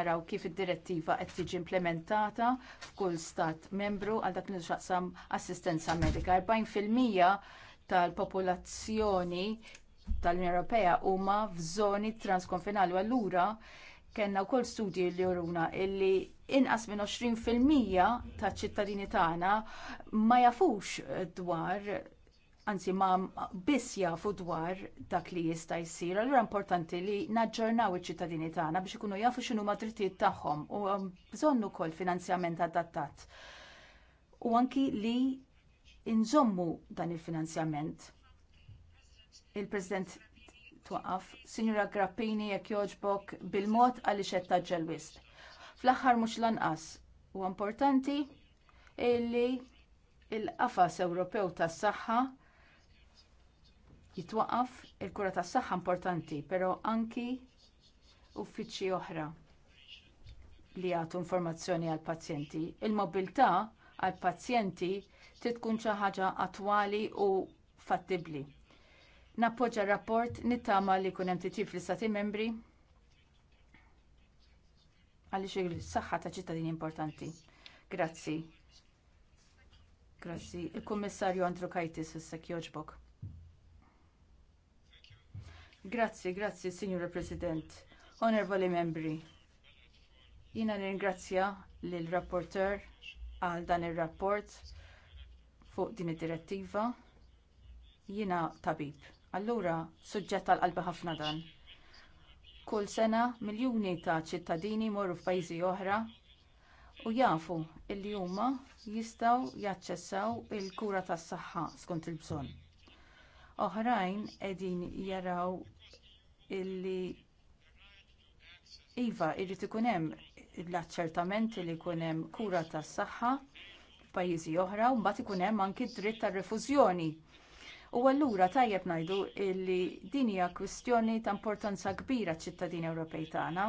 naraw kif id-direttiva qed tiġi implementata f'kull stat membru għal dak li xaqsam assistenza medika. 40% tal-popolazzjoni tal-Unjoni Ewropea huma f'żoni transkonfinali allura kellna wkoll studji li juruna illi inqas minn 20% taċ ċittadini tagħna ma jafux dwar anzi ma biss jafu dwar dak li jista' jsir. Allura importanti li naġġornaw iċ-ċittadini tagħna biex ikunu jafu x'inhu drittijiet tagħhom u um, bżonn ukoll finanzjament adattat. U anki li nżommu dan il-finanzjament. Il-President twaqaf, Sinjura Grappini jekk jogħġbok bil-mod għaliex qed taġġel wisq. Fl-aħħar mhux lanqas huwa importanti illi il-qafas Ewropew tas-saħħa jitwaqqaf il-kura tas saħħa importanti, però anki uffiċċji oħra li jagħtu informazzjoni għall pazjenti. Il-mobilità għall pazjenti trid tkun xi ħaġa attwali u fattibbli. Nappoġġa rapport nittama li jkun hemm titjib fl-istati membri għaliex il-saħħa ta' ċittadini importanti. Grazzi. Grazzi. Il-Kummissarju Andrew Kajtis fis-Sekjoġbok. Grazzi, grazzi, signor President. Honorable membri, jina ringrazzja l-rapporter għal dan il-rapport fuq din id-direttiva. Jina tabib. Allura, suġġet tal qalba ħafna dan. Kull sena miljuni ta' ċittadini morru f'pajjiżi oħra u jafu il huma jistgħu jaċċessaw il-kura tas-saħħa skont il-bżonn oħrajn qegħdin jaraw illi iva jrid ikun hemm l-aċċertamenti li jkun hemm kura tas-saħħa f'pajjiżi oħra u mbagħad ikun hemm anki d-dritt tar-refużjoni. U allura tajjeb ngħidu li din hija kwistjoni ta' importanza kbira ċittadini Ewropej tagħna.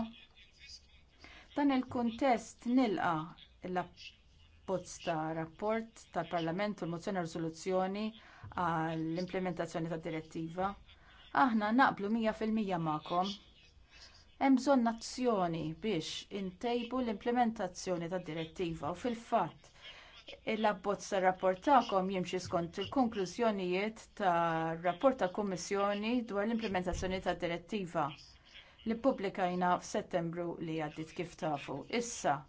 Dan il-kuntest nilqa l-abbozz ta' rapport tal-Parlament u l-mozzjoni riżoluzzjoni għall-implementazzjoni tad direttiva. Aħna naqblu 100% ma'kom. Hemm bżonn azzjoni biex intejbu l-implementazzjoni tad direttiva u fil-fatt l-abbozza rapport tagħkom jimxi skont il-konklużjonijiet tar rapport tal Kummissjoni dwar l-implementazzjoni tad direttiva li ppubblikajna f'Settembru li għaddiet kif tafu. Issa,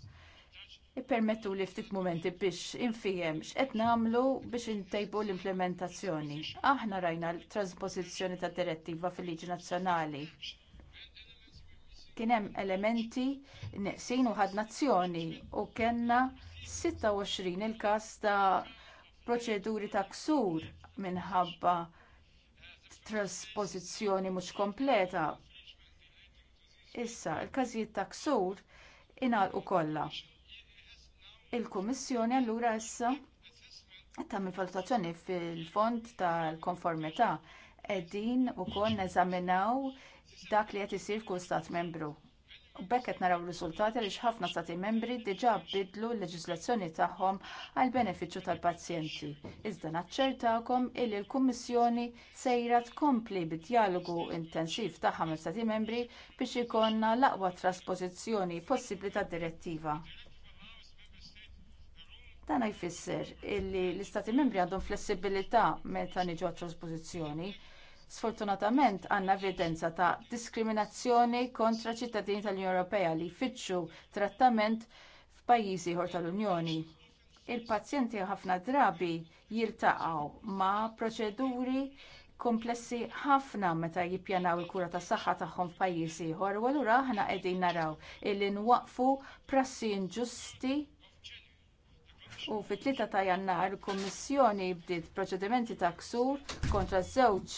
Ippermettu li ftit mumenti biex infijem x'qed nagħmlu biex intejbu l-implementazzjoni. Aħna rajna l-transpożizzjoni ta' direttiva fil-liġi nazzjonali. Kien hemm elementi neqsin u ħad nazzjoni u kellna 26 il-każ ta' proċeduri ta' ksur minħabba traspożizzjoni mhux kompleta. Issa, il każijiet ta' ksur ingħalqu kollha Il-Kummissjoni allura issa tagħmel valutazzjoni fil-fond tal-konformità qegħdin ukoll neżaminaw dak li qed isir kull stat membru. U bekk qed naraw riżultati li ħafna stati membri diġà bidlu l-leġiżlazzjoni tagħhom għal benefiċċju tal-pazjenti. Iżda naċċertakom illi l-Kummissjoni sejra tkompli bid-dialogu intensiv tagħha mal stati membri biex ikollna l-aqwa trasposizzjoni possibbli tad-direttiva. Dan jfisser illi l-Istati membri għandhom flessibilità meta niġu għat-trasposizzjoni. Sfortunatament għandna evidenza ta' diskriminazzjoni kontra ċittadini tal-Unjoni Ewropea li jfittxu trattament f'pajjiżi ieħor tal-Unjoni. Il-pazjenti ħafna drabi jiltaqgħu ma' proċeduri komplessi ħafna meta jippjanaw il-kura tas saħħa tagħhom f'pajjiżi. ieħor u allura aħna qegħdin naraw illi nwaqfu prassi inġusti u fit-3 ta' jannar il-Kummissjoni bdiet proċedimenti ta' ksur kontra żewġ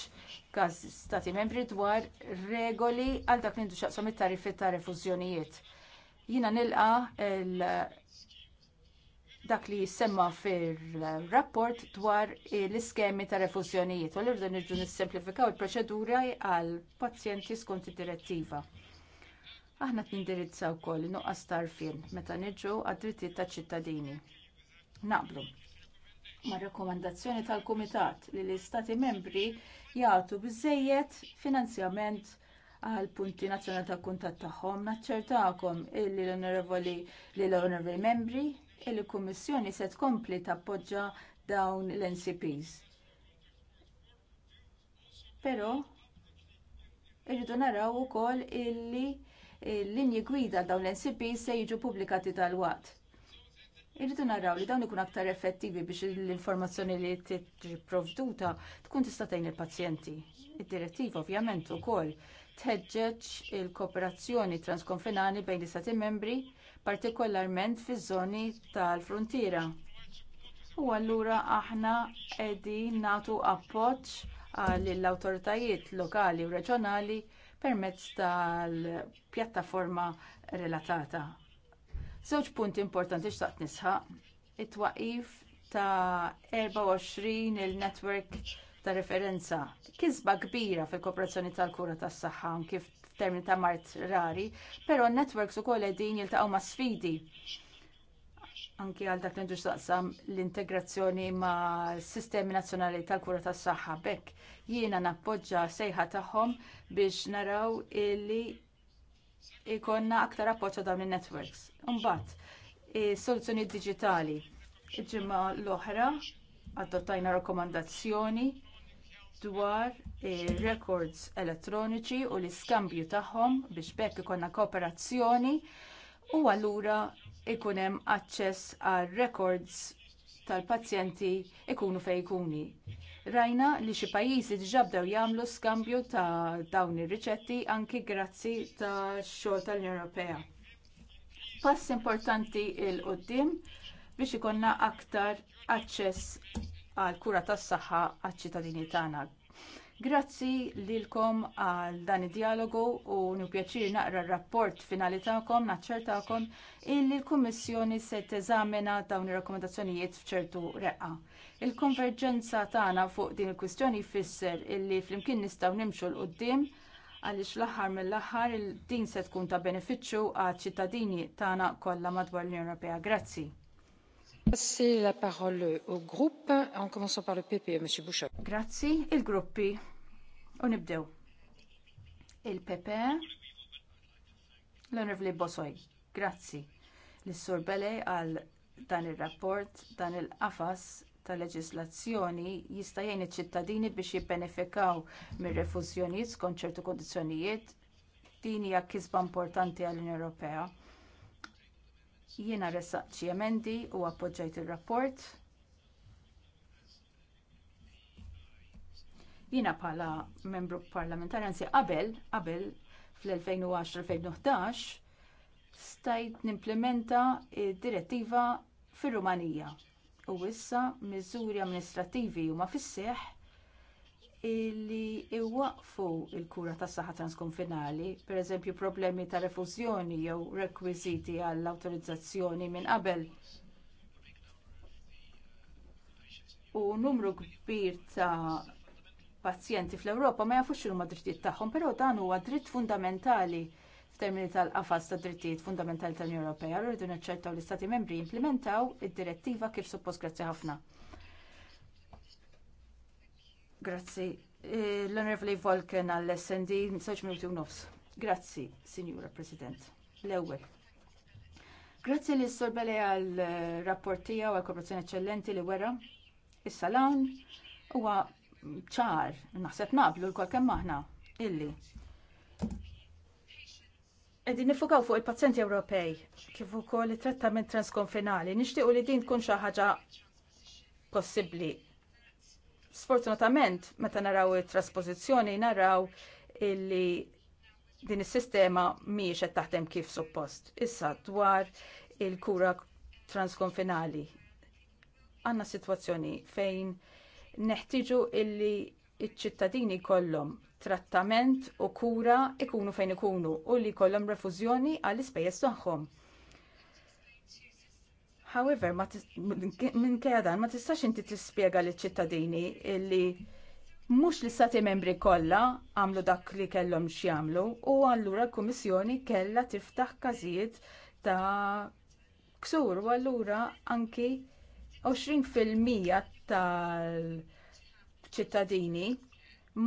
każ stati membri dwar regoli għal dak li xaqsam it tariffi ta' refużjonijiet. Jiena nilqa dak li jissemma fir-rapport dwar l-iskemi ta' refużjonijiet u l-irdu nirġu nissemplifikaw il-proċedura għal pazjenti skont id-direttiva. Aħna t-nindirizzaw kol nuqqas tarfien meta nirġu għad-drittijiet taċ ċittadini naqblu ma' rakkomandazzjoni tal-Kumitat li l-Istati membri jagħtu biżżejjed finanzjament għal punti nazzjonali tal kuntatt tagħhom naċċertakom illi l-onorevoli li l-onorevoli membri il kummissjoni se tkompli tappoġġa dawn l-NCPs. Però irridu naraw ukoll illi l-linji gwida dawn l-NCPs se jiġu pubblikati tal-waqt Irridu naraw li dawn ikun aktar effettivi biex l-informazzjoni li tiġi provduta tkun tista' tgħin il-pazjenti. Id-direttiva ovvjament ukoll tħeġġeġ il-kooperazzjoni transkonfinali bejn l-istati membri, partikolarment fiż-żoni tal-frontiera. U allura aħna qegħdin nagħtu appoġġ għall awtoritajiet lokali u reġjonali permezz tal-pjattaforma relatata Żewġ punti importanti xtaqt nisħaq. It-twaqif ta' 24 il-network ta' referenza. Kizba kbira fil-kooperazzjoni tal-kura tas-saħħa kif f'termini ta' mart rari, però n-networks ukoll qegħdin jiltaqgħu ma' sfidi anki għal dak nendu xtaqsam l-integrazzjoni ma' sistemi nazzjonali tal-kura tas saħħa bekk jiena nappoġġa sejħa tagħhom biex naraw illi ikonna aktar appoċċa dawn in-networks. Imbagħad, soluzzjoni digitali. Ġimgħa l-oħra adottajna rakkomandazzjoni dwar records elettroniċi u l-iskambju tagħhom biex bekk ikonna kooperazzjoni u allura ikun hemm aċċess għal records tal-pazjenti ikunu fejn ikuni. Rajna li xi pajjiżi diġà bdew jagħmlu skambju ta' dawn ir-riċetti anki grazzi tax xogħol tal-Unjoni Ewropea. Pass importanti l qoddim biex ikonna aktar aċċess għal kura tas-saħħa għaċ-ċittadini tagħna. Grazzi lilkom għal dan id-dialogu u nupjaċir naqra r-rapport finali tagħkom naċċertakom illi l-Kummissjoni se teżamina dawn ir-rakkomandazzjonijiet f'ċertu reqqa. Il-konverġenza tagħna fuq din il-kwistjoni jfisser illi flimkien nistgħu nimxu l qudiem għaliex l-aħħar mill-aħħar din se tkun ta' benefiċċju għad ċittadini tagħna kollha madwar l-Unjoni Ewropea. Grazzi. Passer la parole au groupe, en commençant par le PPE, M. Bouchard. Grazie, il gruppi. U nibdew. Il-Pepe, l-Onorevli Bosoj, grazzi l-Sur Belej għal dan ir rapport dan il-qafas ta' leġislazzjoni jista' jgħin iċ-ċittadini biex jibbenefikaw mir-refużjonijiet skont ċertu kundizzjonijiet din hija kisba importanti għall-Unjoni Ewropea. Jiena ressaqt xi emendi u appoġġajt ir-rapport Jiena bħala membru parlamentari, anzi qabel, qabel fl-2010-2011, stajt nimplementa d direttiva fir-Rumanija. U issa miżuri amministrativi huma ma seħħ illi iwaqfu l il kura tas saħħa transkonfinali, pereżempju problemi ta' refużjoni jew rekwiżiti għall awtorizzazzjoni minn qabel. U numru kbir ta' pazjenti fl-Ewropa ma jafux x'huma drittijiet tagħhom, però dan huwa dritt fundamentali f'termini tal-qafas ta' drittijiet fundamentali tal-Unjoni Ewropea, allura rridu naċċertaw li stati membri jimplementaw id-direttiva kif suppost grazzi ħafna. Grazzi. Eh, L-Onorevoli Volken għall-SND, msaċ minuti u nofs. Grazzi, Signora President. L-ewwel. Grazzi li s-sorbele għal-rapportija eh, u għal-kooperazzjoni eccellenti li wera. Is-salan huwa ċar, naħseb naqblu l-kol kemm maħna, illi. Edi nifukaw fuq il-pazzenti Ewropej, kif ukoll it-trattament transkonfinali, nixtiequ li din tkun xi ħaġa possibbli. Sfortunatament, meta naraw it-trasposizzjoni naraw illi din is-sistema mhijiex qed taħdem kif suppost. Issa dwar il-kura transkonfinali. Għanna sitwazzjoni fejn neħtiġu illi iċ-ċittadini kollhom trattament u kura ikunu fejn ikunu u li jkollhom refużjoni għall ispejjeż tagħhom. However, minn dan ma tistax inti tispjega liċ ċittadini illi mhux l-istati membri kollha għamlu dak li kellhom x'jagħmlu u allura l-Kummissjoni kellha tiftaħ każijiet ta' ksur u allura anki 20% tal-ċittadini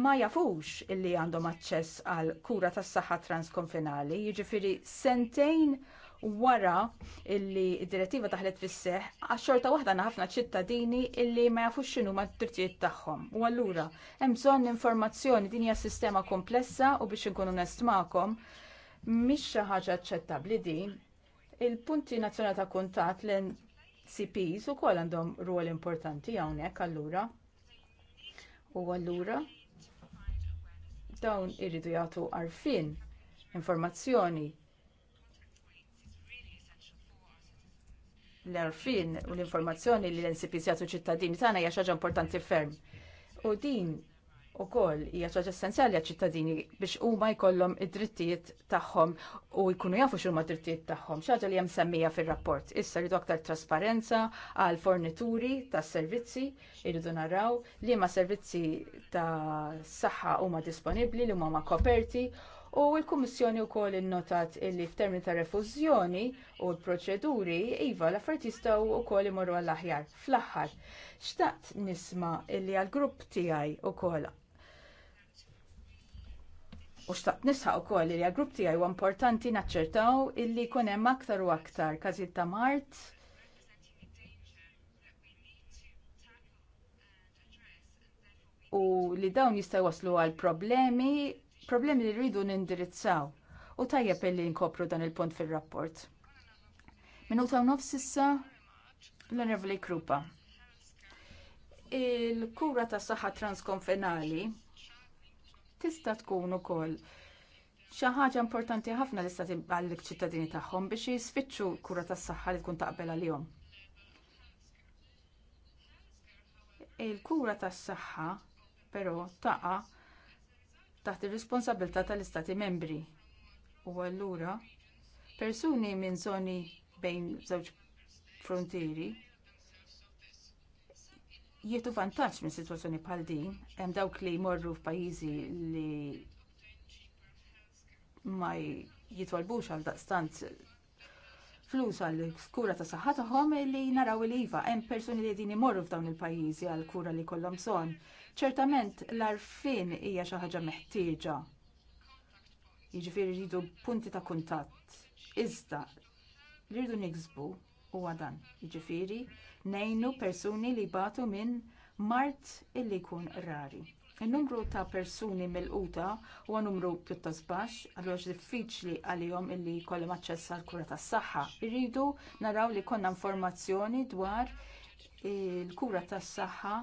ma jafux illi għandhom aċċess għal kura tas saħħa transkonfinali, jiġifieri sentejn wara illi id-direttiva taħlet fis seħħ għax-xorta waħda na ħafna ċittadini illi ma jafux x'inhu ma drittijiet tagħhom. U allura hemm bżonn informazzjoni din hija sistema komplessa u biex inkun onest magħkom mhix xi ħaġa aċċettabbli din. Il-punti nazzjonali ta' kuntatt l CPs ukoll għandhom rol importanti hawnhekk allura. U allura dawn irridu jagħtu għarfien informazzjoni l-arfin u l-informazzjoni li l ncps jgħatu ċittadini tagħna hija xaġa importanti ferm. U din ukoll hija ħaġa essenzjali għal ċittadini biex huma jkollhom id-drittijiet tagħhom u jkunu jafu x'huma d-drittijiet tagħhom. ċaġa li hemm semmija fir-rapport. Issa rridu aktar trasparenza għal fornituri tas servizzi irridu naraw li ma servizzi ta' saħħa huma disponibbli li huma ma koperti u l-Kummissjoni wkoll innotat illi f'termini ta' refużjoni u l-proċeduri iva l-affarijiet jistgħu wkoll imorru għall-aħjar. Fl-aħħar, xtaqt nisma' illi għall-grupp tiegħi ukoll U xtaqt nisħaq ukoll li għal-grupp tiegħi huwa importanti naċċertaw illi jkun hemm aktar u aktar każijiet ta' mart u li dawn jista' waslu għal problemi, problemi li rridu nindirizzaw. U tajjeb illi nkopru dan il-punt fir-rapport. Minuta u nofs issa l-Onorevoli Krupa. Il-kura tas saħħa transkonfenali tista' tkun ukoll xi ħaġa importanti ħafna li stati għall ċittadini tagħhom biex jisfittxu kura tas-saħħa li tkun taqbel għalihom. Il-kura tas-saħħa però taqa' taħt ir-responsabilità tal-Istati membri. U allura persuni minn żoni bejn żewġ frontieri jietu vantaġġ minn situazzjoni bħal din, hemm dawk li jmorru f'pajjiżi li ma jitwalbux għal daqstant flus għal kura ta' saħħa tagħhom li naraw li iva hemm persuni li din imorru f'dawn il-pajjiżi għal kura li kollhom bżonn. Ċertament l-arfin hija xi ħaġa meħtieġa. Jiġifieri rridu punti ta' kuntatt. Iżda rridu niksbu huwa dan. Jiġifieri ngħinu persuni li batu minn mart illi jkun rari. In-numru ta' persuni mill huwa numru pjuttost baxx, għaliex diffiċli għalihom illi jkollhom aċċess għall kura tas-saħħa. Irridu naraw li konna informazzjoni dwar il-kura tas-saħħa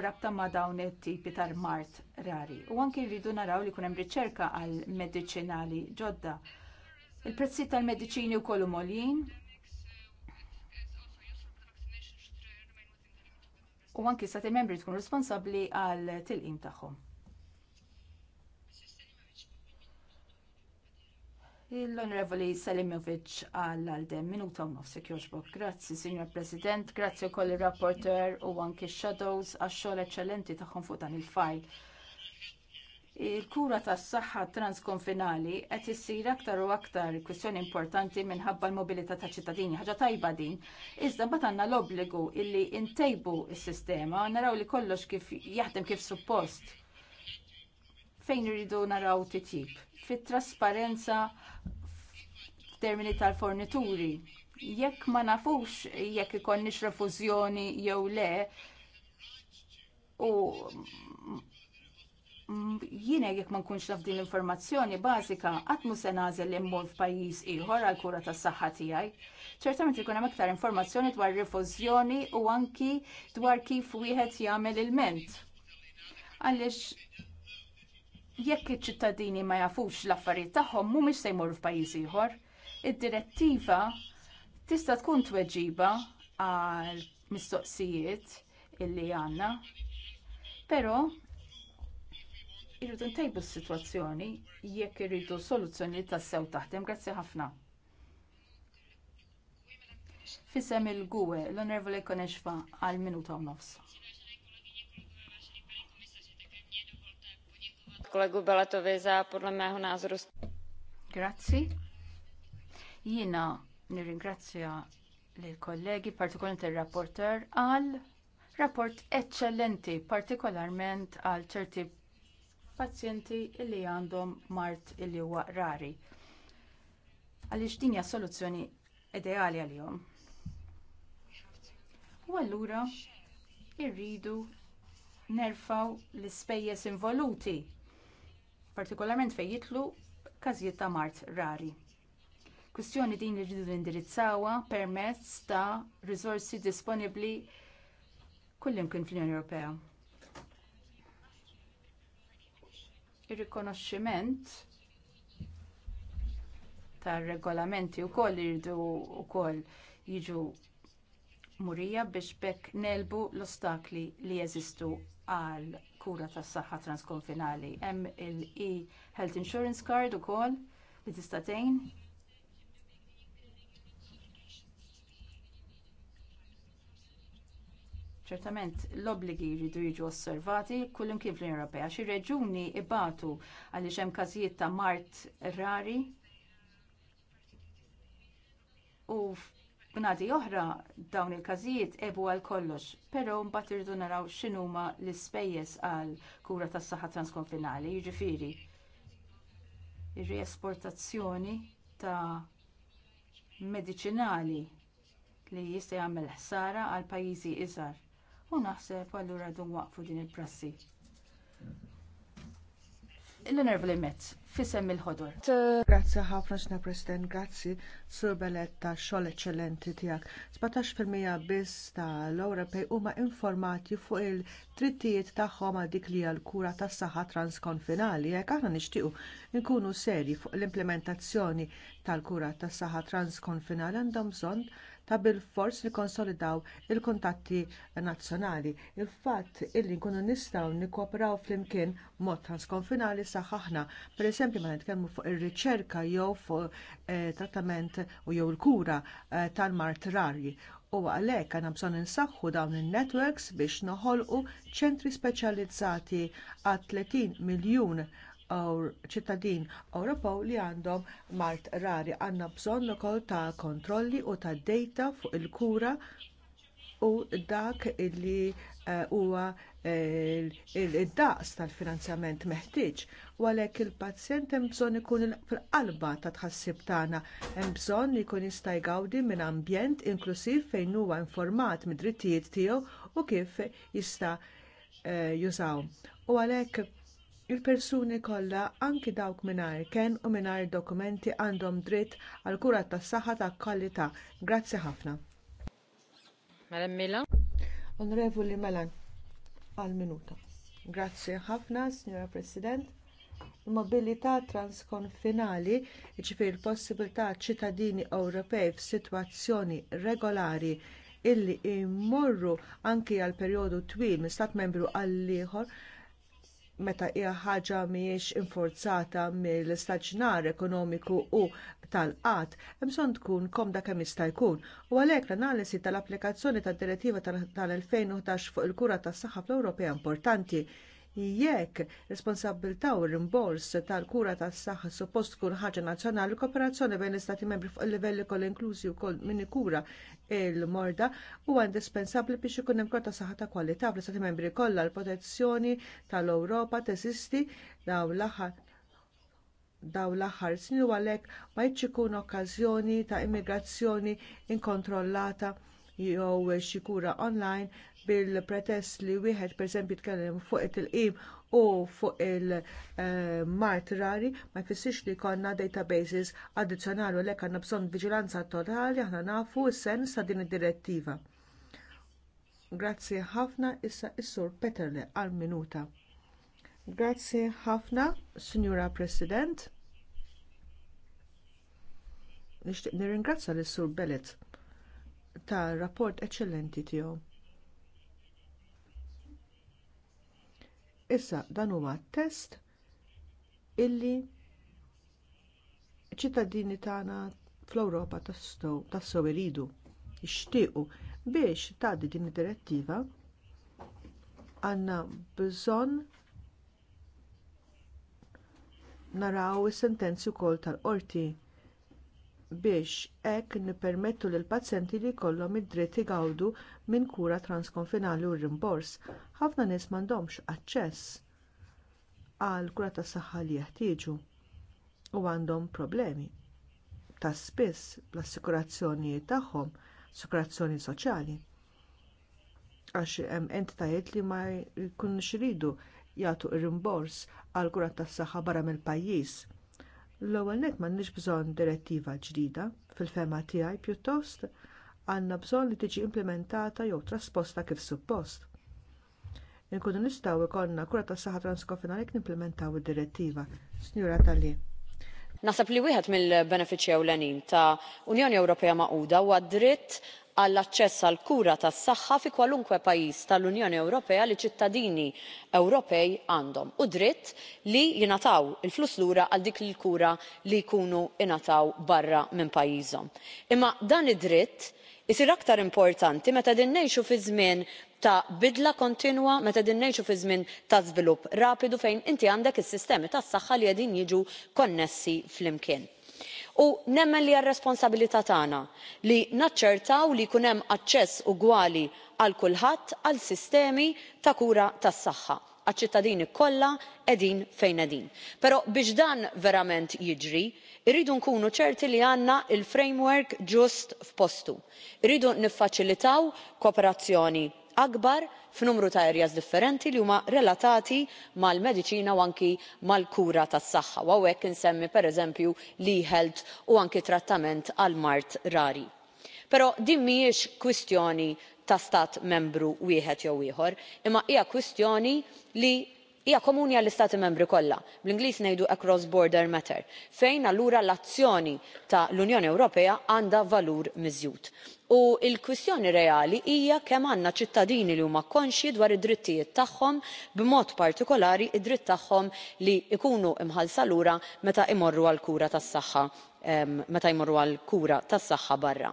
brabta ma' dawn it-tipi ta' mart rari. U anki rridu naraw li kunem riċerka għal medicinali ġodda. Il-prezzi tal-medicini u kollu moljin u anki sa' membri tkun responsabbli għal tilqim tagħhom. L-Onorevoli Salimovic għal għaldem minuta u nofsi Grazzi, Signor President, grazzi u koll il-rapporter u għanki shadows għax xogħol eccellenti tagħhom fuq dan il-fajl il-kura tas saħħa transkonfinali qed issir aktar u aktar kwistjoni importanti minħabba l-mobilità ta' ċittadini, ħaġa tajba din. Iżda mbagħad għandna l-obbligu illi ntejbu s-sistema naraw li kollox kif jaħdem kif suppost. Fejn irridu naraw titjib? Fit-trasparenza f'termini tal-fornituri. Jekk ma nafux jekk ikonniex refużjoni jew le, u Mm, jiena jekk ma nkunx naf din l-informazzjoni bażika qatt mu se nagħżel li mmur f'pajjiż ieħor għal kura tas-saħħa tiegħi. Ċertament ikun hemm aktar informazzjoni dwar rifużjoni u anki dwar kif wieħed jagħmel il-ment. Għaliex jekk iċ-ċittadini ma jafux l-affarijiet tagħhom mhumiex se jmorru f'pajjiż ieħor. Id-direttiva tista' tkun tweġiba għal mistoqsijiet illi għandna, però Irridu ntejbu s-sitwazzjoni jekk irridu soluzzjoni li tassew taħdem. Grazzi ħafna. Fisem il-gwe l-onervole konexfa għal minuta u nofs. Kolegu Belatovi za podle mého názoru. Grazzi. Jina nirringrazzja l-kollegi, partikolarment il-rapporter, għal rapport eccellenti, partikolarment għal ċerti pazjenti li għandhom mart illi huwa rari. Għaliex din hija soluzzjoni ideali għalihom. U allura irridu nerfaw l-ispejjeż involuti, partikolarment fejn jitlu każijiet ta' mart rari. Kwistjoni din li rridu indirizzawa permezz ta' riżorsi disponibbli kullimkien fl-Unjoni Ewropea. Ir-rikonoxximent tar regolamenti wkoll iridu wkoll jiġu murija biex bekk nelbu l-ostakli li jeżistu għal kura tas saħħa transkonfinali. Hemm il-e Health Insurance Card ukoll li tista' tgħin ċertament l-obbligi jridu jiġu osservati kullim kien fl Ewropea. Xi reġuni ibatu għaliex hemm każijiet ta' mart rari u b'nadi oħra dawn il-każijiet ebu għal kollox, però mbagħad irridu naraw x'inhuma l-ispejjeż għal kura tas-saħħa transkonfinali, jiġifieri ir-riesportazzjoni ta' mediċinali li jista' jagħmel ħsara għal pajjiżi iżgħar u naħseb allura dun waqfu din il-prassi. L-onorevoli Metz, fissem il ħodur Grazzi ħafna xna President, grazzi Sur Beletta xogħol eċċellenti tiegħek. 17% biss tal-Ewropej huma informati fuq il-trittijiet tagħhom għal dik li għal kura tas-saħħa transkonfinali jekk aħna nixtiequ nkunu serji fuq l-implementazzjoni tal-kura tas-saħħa transkonfinali għandhom bżonn ta' bilfors li konsolidaw il-kontatti nazzjonali. Il-fatt illi nkunu nistgħu nikkooperaw flimkien mod transkonfinali saħħaħna, pereżempju meta nitkellmu fuq ir-riċerka jew fuq eh, trattament u jew il-kura eh, tal-mart rari u għalhekk għandna bżonn insaħħu dawn in-networks biex noħolqu ċentri speċjalizzati għal 30 miljun ċittadin Ewropew li għandhom mart rari għandna bżonn ukoll ta' kontrolli u ta' dejta fuq il-kura u dak li eh, huwa eh, id daqs tal-finanzjament meħtieġ u għalhekk il-pazjent hemm bżonn ikun fil-qalba ta' tħassib tagħna, hemm bżonn ikun jista' jgawdi minn ambjent inklusiv fejn huwa informat mid-drittijiet tiegħu u kif jista' eh, jużaw. U għalhekk Il-persuni kollha anki dawk mingħajr kemm u mingħajr dokumenti għandhom dritt għal kura tas-saħħa ta' kwalità. Grazzi ħafna. Madam Milan. Onorevoli Melan, għal minuta. Grazzi ħafna, Signora President. Il-mobilità transkonfinali, ġifir possibilità ċittadini Ewropej f'sitwazzjoni regolari illi jmorru anki għal perjodu twil minn stat membru għall ieħor meta hija ħaġa mhijiex infurzata mill-istaġnar ekonomiku u tal-qatt, hemm bżonn tkun komda kemm jista' jkun. U għalhekk l-analisi tal-applikazzjoni tad-direttiva tal-2011 fuq il-kura tas-saħħa fl-Ewropea importanti jekk responsabilta u rimbors tal-kura tas saħħa suppost tkun ħaġa nazzjonali kooperazzjoni bejn l-istati membri fuq il-livelli kol inklużi wkoll min ikura l morda huwa indispensabbli biex ikun hemm ta' saħħa ta' kwalità fl-istati membri kollha l-protezzjoni tal-Ewropa teżisti daw l-aħħar daw l-aħħar snin u għalhekk ma jitx ikun okkażjoni ta' immigrazzjoni inkontrollata jew xi kura online bil-pretest li wieħed pereżempju jitkellem fuq il tilqim u fuq il-mart rari ma jfissirx li konna databases addizzjonali u lek għandna bżonn viġilanza totali aħna nafu s-sens ta' din id-direttiva. Grazzi ħafna issa is-sur Peterle għal minuta. Grazzi ħafna, Signora President. Nixtieq nirringrazza lis sur Bellet tar rapport eċċellenti tiegħu. Issa dan huwa test illi ċittadini tagħna fl-Ewropa tassew iridu jixtiequ biex tgħaddi din id-direttiva għandna bżonn naraw is-sentenzi wkoll tal-qorti biex hekk nippermettu lill pazjenti li jkollhom id-dritt igawdu minn kura transkonfinali u rimbors. Ħafna nies m'għandhomx aċċess għal kura tas saħħa li jeħtieġu u għandhom problemi ta' spiss bl assikurazzjoni tagħhom, assikurazzjoni soċjali. Għax hemm entitajiet li ma jkunux iridu jagħtu rimbors għal kura tas saħħa barra mill-pajjiż L-ewwel nek m'għandniex bżonn direttiva ġdida fil-fema tiegħi pjuttost għandna bżonn li tiġi implementata jew trasposta kif suppost. Inkunu nistgħu jkollna kura tas saħħa transkofinali jekk nimplementaw id-direttiva. Sinjura Tali. Nasab li wieħed mill-benefiċċji ewlenin ta' Unjoni Ewropea Magħquda huwa d dritt għall aċċess għall kura tas-saħħa fi kwalunkwe pajjiż tal-unjoni ewropea li ċittadini ewropej għandhom u dritt li jingħataw il-flus lura għal dik il-kura li jkunu ingħataw barra minn pajjiżhom. imma dan id-dritt isir aktar importanti meta din ngħixu fi żmien ta' bidla kontinwa meta din ngħixu fi żmien ta' żvilupp rapidu fejn inti għandek is-sistemi tas-saħħa li qegħdin jiġu konnessi flimkien u nemmen li hija r-responsabbiltà tagħna li naċċertaw li jkun hemm aċċess ugwali għal kulħadd għal sistemi ta' kura tas-saħħa għaċ-ċittadini kollha qegħdin fejn qegħdin. però biex dan verament jiġri irridu nkunu ċerti li għandna l framework ġust f'postu. irridu niffaċilitaw kooperazzjoni akbar f'numru ta' areas differenti li huma relatati mal-mediċina u anki mal-kura tas-saħħa u hawnhekk insemmi pereżempju l health u anki trattament għal mard rari. però din mhijiex kwistjoni ta' stat membru wieħed jew ieħor imma hija kwistjoni li hija komuni għall-istati membri kollha bl-ingliż ngħidu across border matter fejn allura l-azzjoni ta' l-unjoni ewropea għandha valur miżjud u l-kwistjoni reali hija kemm għandna ċittadini li huma konxji dwar id-drittijiet tagħhom b'mod partikolari id dritt tagħhom li jkunu mħallsa lura meta jmorru għall kura tas-saħħa meta jmorru għal kura tas-saħħa barra.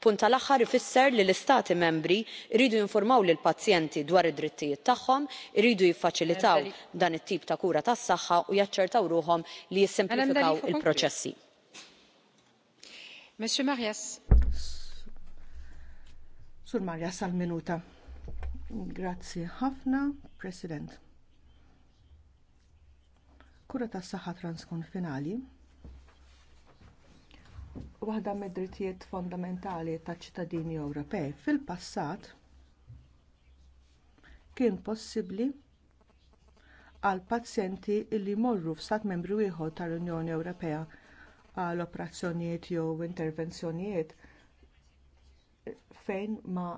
punt tal-aħħar ifisser li l-istati membri jridu jinformaw lill-pazjenti dwar id-drittijiet tagħhom iridu jiffaċilitaw dan it-tip ta' kura tas-saħħa u jaċċertaw ruhom li jissimplifikaw il-proċessi. Sur Marias għal minuta. Grazzi ħafna, President. Kura tas-saħħa transkonfinali waħda mid-drittijiet fondamentali taċ ċittadini Ewropej. Fil-passat kien possibbli għal pazjenti li jmorru f'stat membru ieħor tal-Unjoni Ewropea għal operazzjonijiet jew intervenzjonijiet fejn ma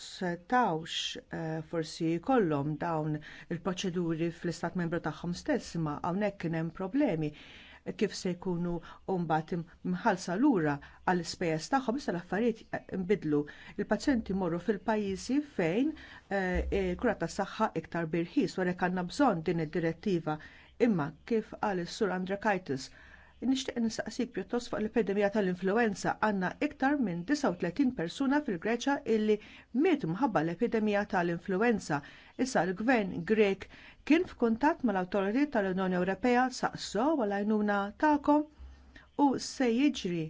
setawx uh, forsi jkollhom dawn il-proċeduri fl-istat membru tagħhom stess, imma hawnhekk kien hemm problemi kif se jkunu mbagħad mħallsa lura għall ispejjeż tagħhom issa l-affarijiet eh, inbidlu. Il-pazjenti morru fil-pajjiżi fejn eh, kura tas saħħa iktar birħis u għandna bżonn din id-direttiva. Imma kif għal sur Andrekaitis nixtieq nistaqsik pjuttost fuq l-epidemija tal-influenza għandna iktar minn 39 persuna fil-Greċa illi miet mħabba l-epidemija tal-influenza. Issa l-gvern Grek kien f'kuntatt mal-awtoritajiet tal-Unjoni Ewropea u għal-għajnuna tagħkom u se jiġri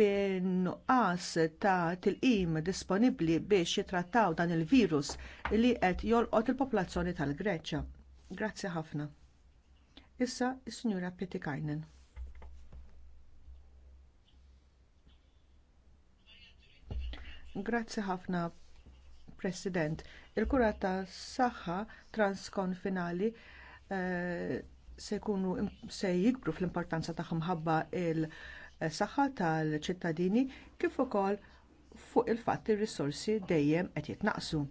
bin-nuqqas ta' tilqim disponibbli biex jitrattaw dan il-virus li qed jolqot il-popolazzjoni tal-Greċja. Grazzi ħafna. Issa is-Sinjura Pitikajnen. Grazzi ħafna, President. Il-kura ta' saħħa transkonfinali eh, se jkunu se jikbru fl-importanza tagħhom ħabba il-saħħa tal-ċittadini kif ukoll fuq il-fatt ir-risorsi dejjem qed jitnaqsu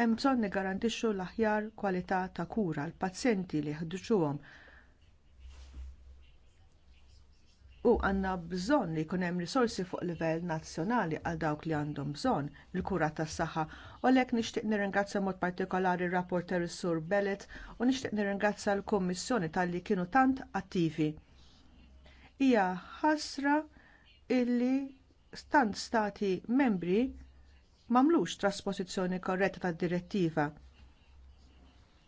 hemm bżonn nigarantixxu l-aħjar kwalità ta' kura l pazjenti li ħduxuhom. U għandna bżonn li jkun hemm risorsi fuq livell nazzjonali għal dawk li għandhom bżonn il-kura tas-saħħa. U għalhekk nixtieq nirringrazzja mod partikolari r-rapporter Sur Bellet u nixtieq nirringrazzja l-Kummissjoni talli kienu tant attivi. Hija ħasra illi stant stati membri m'għamlux trasposizzjoni korretta tad-direttiva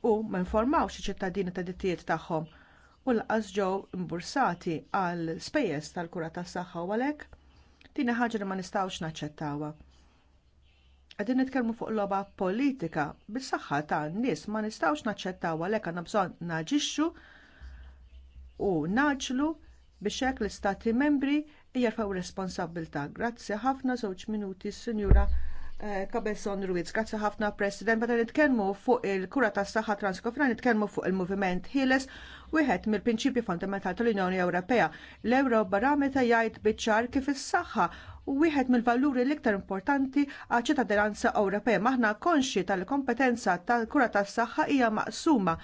u ma informawx iċ-ċittadini ta' dittijiet tagħhom u laqas ġew imbursati għal spejjeż tal-kura tas-saħħa u għalhekk din ħaġa li ma nistgħux naċċettawha. Qegħdin nitkellmu fuq logħba politika bis-saħħa tan nies ma nistgħux naċċettawha għalhekk għandna bżonn naġixxu u naġlu biex hekk l-istati membri jerfgħu responsabbilta'. Grazzi ħafna żewġ minuti, Sinjura Eh, Cabezon Ruiz, grazzi ħafna President, bada nitkellmu fuq il-kura tas saħħa transkofra, nitkellmu fuq il-moviment ħieles, wieħed mill prinċipju fondamentali tal-Unjoni Ewropea. L-Euro barameta jgħid bieċar kif is-saħħa u wieħed mill-valuri l-iktar importanti għal ċittadinanza Ewropea. Maħna konxi tal-kompetenza tal-kura tas-saħħa hija maqsuma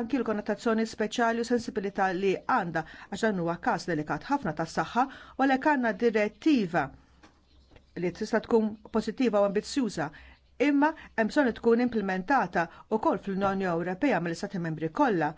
anki l-konnotazzjoni speċjali u sensibilità li għandha għax dan huwa każ delikat ħafna tas-saħħa u għalhekk għandna direttiva li tista' tkun pożittiva u ambizzjuża imma hemm bżonn tkun implementata wkoll fl-Unjoni Ewropea mill-Istati Membri kollha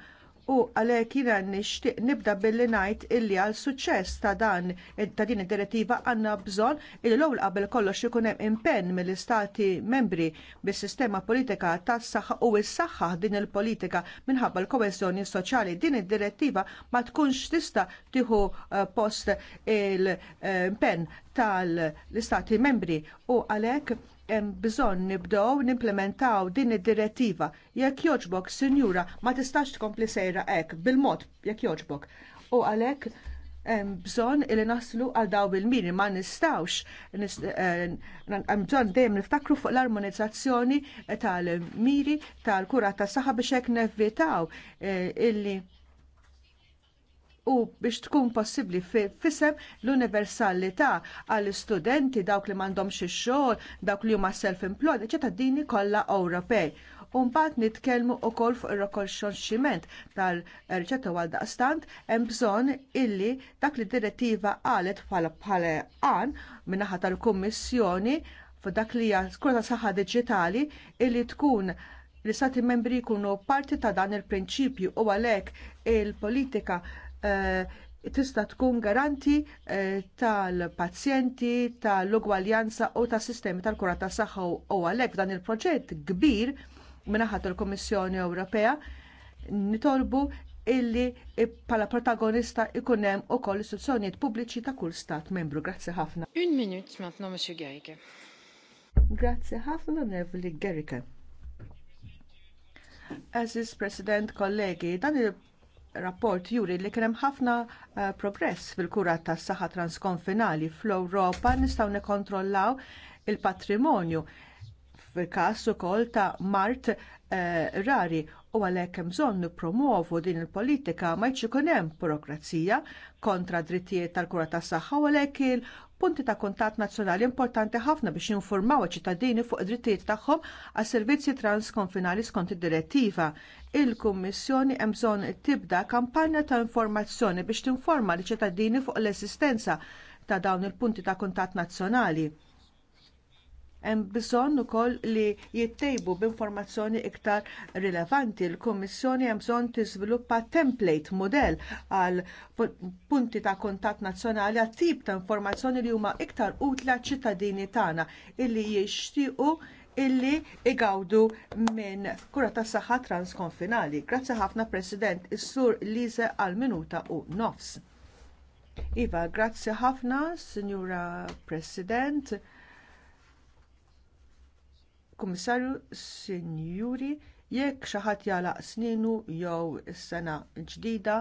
U għalhekk jiena nixtieq nibda billi ngħid illi għal suċċess ta' dan ta' din id-direttiva għandna bżonn illi l-ewwel qabel kollox ikun hemm impenn mill-istati membri bis-sistema politika tas-saħħa u s-saħħa din il-politika minħabba l-koesjoni soċjali din id-direttiva ma tkunx tista' tieħu eh, post il-impenn eh, tal-istati membri u għalhekk hemm bżonn nibdew nimplementaw din id-direttiva jekk jogħġbok, sinjura ma tistax tkompli sejra hekk bil-mod jekk jogħġbok. U għalhekk hemm bżonn li naslu għal daw il-miri ma nistawx eh, hemm bżonn dejjem niftakru fuq l-armonizzazzjoni tal-miri tal-kura tas-saħħa biex hekk nevvitaw eh, illi u biex tkun possibbli fisem l-universalità għall istudenti dawk li m'għandhomx ix-xogħol, dawk li huma self-employed, eċetera dini kollha Ewropej. U mbagħad nitkellmu wkoll fuq ir-rekoxxonximent tal-riċetta għal daqstant hemm bżonn illi dak li direttiva qalet bħala għan min-naħa tal-Kummissjoni fuq dak li hija skura saħħa diġitali illi tkun l-istati membri jkunu parti ta' dan il-prinċipju u għalhekk il-politika il politika Eh, tista' tkun garanti eh, tal-pazjenti, tal-ugwaljanza u tas-sistemi tal-kura tas saħħa u għalhekk dan il-proġett kbir minaħat il-Kummissjoni Ewropea nitolbu illi bħala protagonista ikun hemm ukoll istituzzjonijiet pubbliċi ta' kull stat membru. Grazzi ħafna. Un minut matna Mr. Gerike. Grazzi ħafna Nevli Gerike. Aziz President, kollegi, dan il rapport juri li kien hemm ħafna eh, progress fil-kura tas saħħa transkonfinali fl-Ewropa nistgħu nikkontrollaw il-patrimonju fil-każ ukoll ta' mart uh, rari u għalhekk hemm bżonn din il-politika ma jkun hemm burokrazija kontra drittijiet tal-kura tas saħħa u għalek il punti ta' kuntatt nazzjonali importanti ħafna biex jinformaw ċittadini fuq id-drittijiet tagħhom għas servizzi transkonfinali skont id-direttiva. Il-Kummissjoni hemm bżonn tibda kampanja ta' informazzjoni biex tinforma l ċittadini fuq l-esistenza ta' dawn il-punti ta' kuntatt nazzjonali hemm bżonn ukoll li jittejbu b'informazzjoni iktar rilevanti. Il-Kummissjoni hemm bżonn tiżviluppa template modell għal punti ta' kuntatt nazzjonali għat tip ta' informazzjoni li huma iktar utla ċittadini tagħna illi jixtiequ illi igawdu minn kura tas saħħa transkonfinali. Grazzi ħafna President is-Sur Lise għal minuta u nofs. Iva, grazzi ħafna, Signora President. Kummissarju, Sinjuri, jekk xi ħadd jalaq sninu jew is-sena ġdida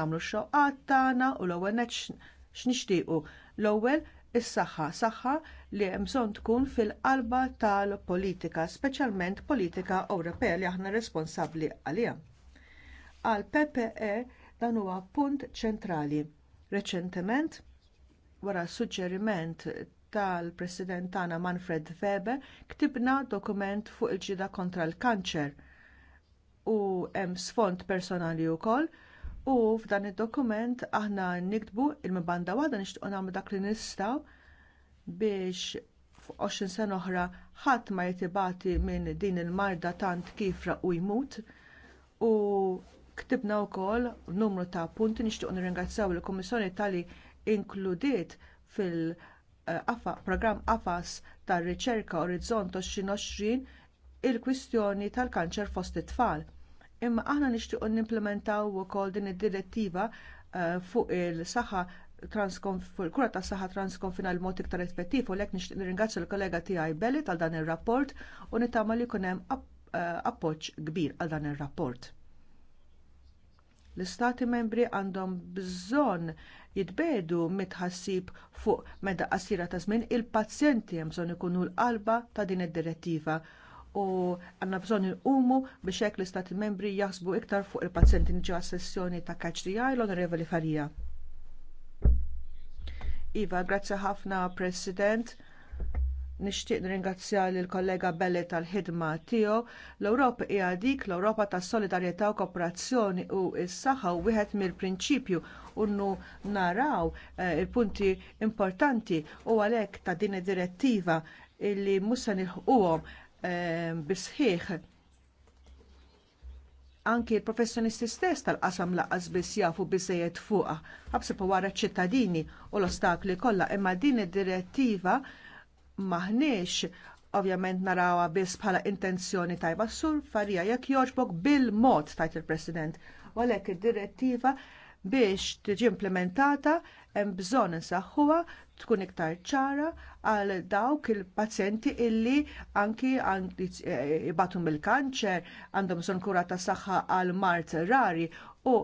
nagħmlu x-xoqqat tagħna u l-ewwel x'nixtiequ. L-ewwel is-saħħa, saħħa li hemm bżonn tkun fil-qalba tal-politika, speċjalment politika Ewropea li aħna responsabbli għaliha. Għal PPE dan huwa punt ċentrali. Reċentement, wara suġġeriment tal-President tagħna Manfred Weber ktibna dokument fuq il-ġida kontra l-kanċer u hemm sfond personali wkoll u f'dan id-dokument aħna niktbu il-mibanda waħda nixtiequ nagħmlu dak li nistgħu biex fuq sena oħra ħadd ma jitibati minn din il-marda tant kif u jmut u ktibna wkoll numru ta' punti nixtieq nirringrazzjaw il-Kummissjoni tali inkludiet fil- Eh, programm AFAS tar riċerka Orizzont 2020 il-kwistjoni tal-kanċer fost it-tfal. Imma aħna nixtiequ nimplementaw ukoll din id-direttiva eh, fuq il-saħħa kura tas saħħa transkonfinal mod iktar effettiv u lek nixtieq nirringrazzja l-kollega tiegħi Belli tal dan ir-rapport u nittama li jkun hemm eh, appoġġ kbir għal dan ir-rapport. L-istati membri għandhom bżonn jitbedu mitħassib fuq meda qasira ta' żmien il-pazjenti hemm bżonn ikunu l-qalba ta' din id-direttiva u għandna bżonn inqumu biex hekk l-istati membri jaħsbu iktar fuq il-pazjenti niġu għas-sessjoni ta' kaċrija l-Onorevoli Farija. Iva, grazzi ħafna President nixtieq nirringrazzja lill kollega Belli tal-ħidma tiegħu. L-Ewropa hija dik l-Ewropa tas-solidarjetà u kooperazzjoni u s-saħħa wieħed mill-prinċipju unnu naraw eh, il-punti importanti u għalhekk ta' din id-direttiva illi musa nilħquhom eh, bisħiħ anki l-professjonisti stess tal-qasam laqas biss jafu biżżejjed fuqha ħabsibu wara ċ ċittadini u l-ostakli kollha imma din id-direttiva maħniex ovvjament narawha biss bħala intenzjoni tajba sur farija jekk jogħġbok bil-mod tajt il-President. u għalhekk id-direttiva biex tiġi implementata hemm bżonn insaħħuha tkun iktar ċara għal dawk il-pazjenti illi anki jibatu eh, mill-kanċer għandhom bżonn kura ta' saħħa għal mart rari u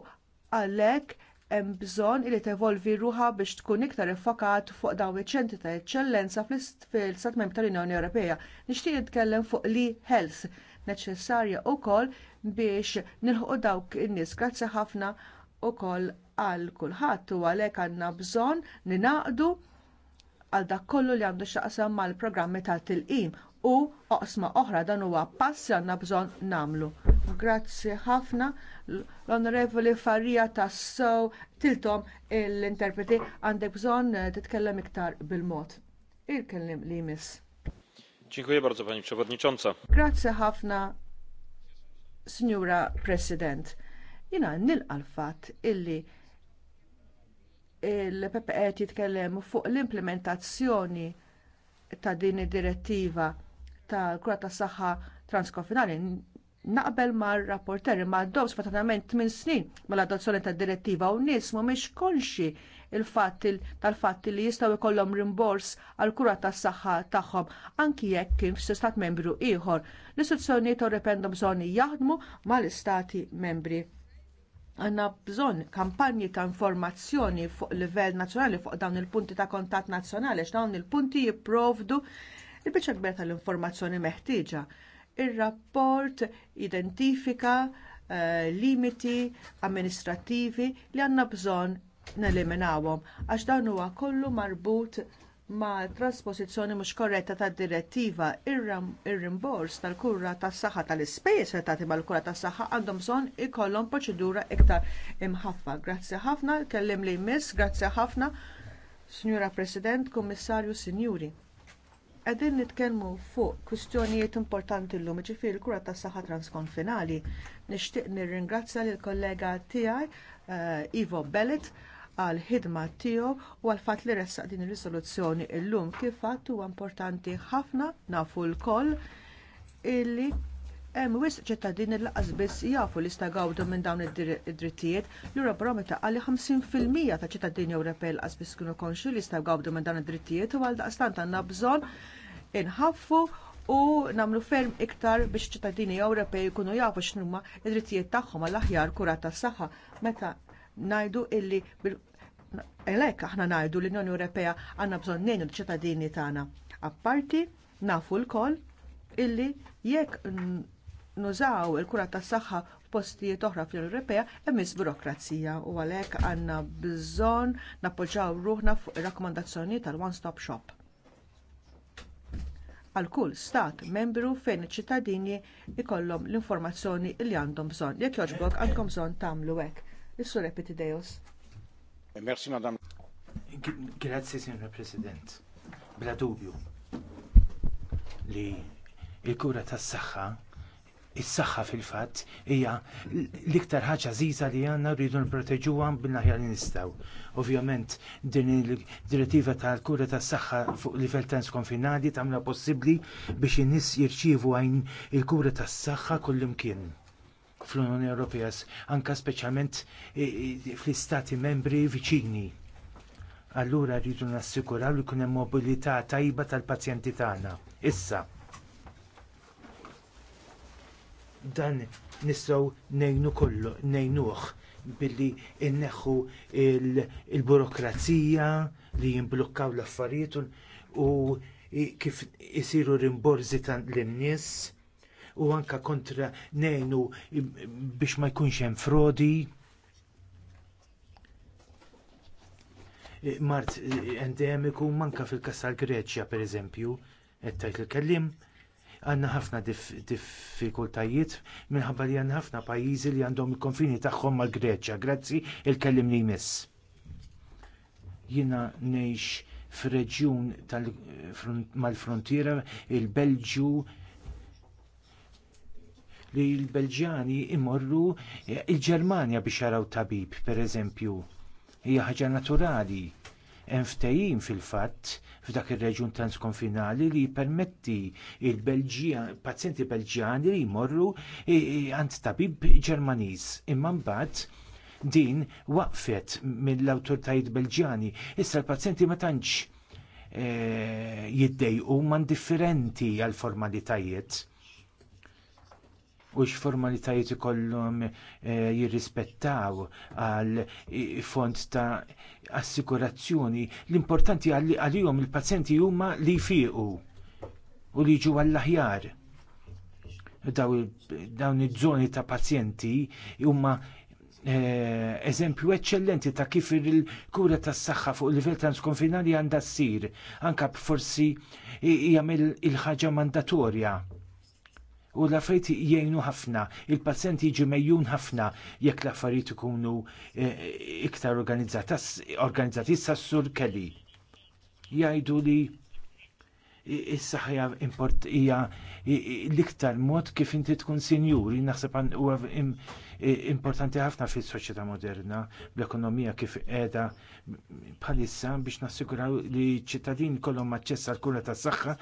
għalhekk hemm bżonn li tevolvi ruħa biex tkun iktar effokat fuq dawn iċ-ċentri ta' eċċellenza fil-Istat Membri tal-Unjoni Ewropea. Nixtieq nitkellem fuq li health neċessarja wkoll biex nilħu dawk in-nies grazzi ħafna wkoll għal kulħadd u għalhekk għandna bżonn ninaqdu għal dak kollu li għandu x'aqsam mal-programmi tal-tilqim u oqsma oħra dan huwa li għandna bżonn nagħmlu. Grazzi ħafna l-Onorevoli Farija tassew tiltom l-interpreti għandek bżonn eh, titkellem iktar bil-mod. il li jmiss. Dziękuję bardzo Pani Przewodnicząca. Grazie ħafna, Signora President. Jina nilqa l-fatt illi il-PPE jitkellem fuq l-implementazzjoni ta' din id-direttiva tal-kura tas-saħħa transkofinali naqbel mar rapporteri ma dos fatatament tmien snin mal-adozzjoni tad direttiva u nies mhumiex konxi tal-fatt li jistgħu jkollhom rimbors għal kura tas-saħħa tagħhom anki jekk kien f'istat membru ieħor. L-istituzzjonijiet Ewropendhom bżonn jaħdmu mal-istati membri. Għanna bżonn kampanji ta' informazzjoni fuq livell nazzjonali fuq dawn il-punti ta' kontatt nazzjonali x'dawn il-punti jipprovdu il-biċċa kbir tal-informazzjoni meħtieġa. Ir-rapport identifika uh, limiti amministrativi li għandna bżonn neliminawhom għax dawn huwa kollu marbut ma' trasposizzjoni mhux korretta tad direttiva ir-rimbors tal-kura tas-saħħa tal-ispejjeż li tagħti mal-kura tas-saħħa għandhom bżonn ikollhom proċedura iktar imħaffa. Grazzi ħafna, kellim li jmiss, grazzi ħafna, Signora President, Kummissarju, Sinjuri. Qegħdin nitkellmu fuq kwistjonijiet importanti llum, ġifieri l-kura tas-saħħa transkonfinali. Nixtieq nirringrazzja lill kollega tiegħi eh, Ivo Bellet għal ħidma tiegħu u għal fatt li ressaq din ir-risoluzzjoni llum kif fatt huwa importanti ħafna nafu lkoll illi Hemm wisq ċittadini laqas biss jafu li stagawdu minn dawn id-drittijiet. L-Eurobarometa għalli 50% ta' ċittadini Ewropej laqas biss kienu konxu li stagawdu minn dawn id-drittijiet u għal daqstant għandna bżonn inħaffu u nagħmlu ferm iktar biex ċittadini Ewropej jkunu jafu x'numa id-drittijiet tagħhom għall aħjar kurat tas-saħħa meta ngħidu illi Elek aħna ngħidu l-Unjoni Ewropea għandna bżonn nejnu l-ċittadini tagħna. Apparti nafu lkoll illi jekk nużaw il-kura tas saħħa postijiet oħra fl-Unjoni Ewropea hemm burokrazija u għalhekk għandna bżonn nappoġġaw ruħna fuq ir-rakkomandazzjonijiet tal-One Stop Shop. Għal kull stat membru fejn iċ-ċittadini jkollhom l-informazzjoni li għandhom bżonn. Jekk jogħġbok għandkom bżonn tagħmlu hekk. Issu repeti dejos. Merci, madam. Grazie, signor President. Bla dubju li il-kura tas-saħħa Is-saħħa fil-fatt hija l-iktar ħaġa żiża li għandna rridu nipproteġuha bil-naħja li nistgħu. Ovvjament din id direttiva tal-kura tas-saħħa fuq livell transkonfinali tagħmilha possibbli biex in-nies jirċievu għajn il-kura tas-saħħa kullimkien fl-Unjoni Ewropea, anke speċjalment fl-istati membri viċini. Allura rridu nassikuraw li jkun hemm mobilità tajba tal-pazjenti tagħna. Issa dan nistgħu nejnu kollu, nejnuħ billi inneħħu il-burokrazija li jimblukkaw l-affarijiet u kif isiru rimborzi l-imnies u anka kontra nejnu biex ma jkunx hemm frodi. Mart endemiku manka fil kasal Greċja pereżempju qed tajt il-kellim Għandna ħafna diffikultajiet minħabba li għandna ħafna pajjiżi li għandhom il-konfini tagħhom mal-Greċja. Grazzi il-kellim li jmiss. Jiena ngħix f'reġjun mal-frontiera il-Belġju li l-Belġjani imorru eh, il-Ġermanja biex jaraw tabib, pereżempju. Hija ħaġa naturali hemm ftehim fil-fatt f'dak ir-reġjun transkonfinali li jippermetti il-pazjenti Belġjani li jmorru għand tabib Ġermaniż. Imma mbagħad din waqfet mill-awtoritajiet Belġjani. Issa l-pazjenti ma tantx eh, jiddejqu man differenti għal formalitajiet u x'formalitajiet ikollhom eh, jirrispettaw għal eh, fond ta' assikurazzjoni. L-importanti għalihom il-pazjenti huma li jfiequ u li jiġu għall-aħjar. Dawn iż-żoni ta' pazjenti huma eh, eżempju eċċellenti ta' kif il-kura tas saħħa fuq livell transkonfinali għandha ssir, anke forsi jagħmel il-ħaġa mandatorja u l-affarijiet jgħinu ħafna, il-pazjent jiġi mejjun ħafna jekk l-affarijiet ikunu eh, iktar organizzati s-sur kelli. Jgħidu li s ħajja import hija l-iktar mod kif inti tkun sinjur, naħseb huwa importanti ħafna fis-soċjetà moderna, bl-ekonomija kif qiegħda bħalissa biex nassiguraw li ċ-ċittadin kollhom aċċess għall kura tas-saħħa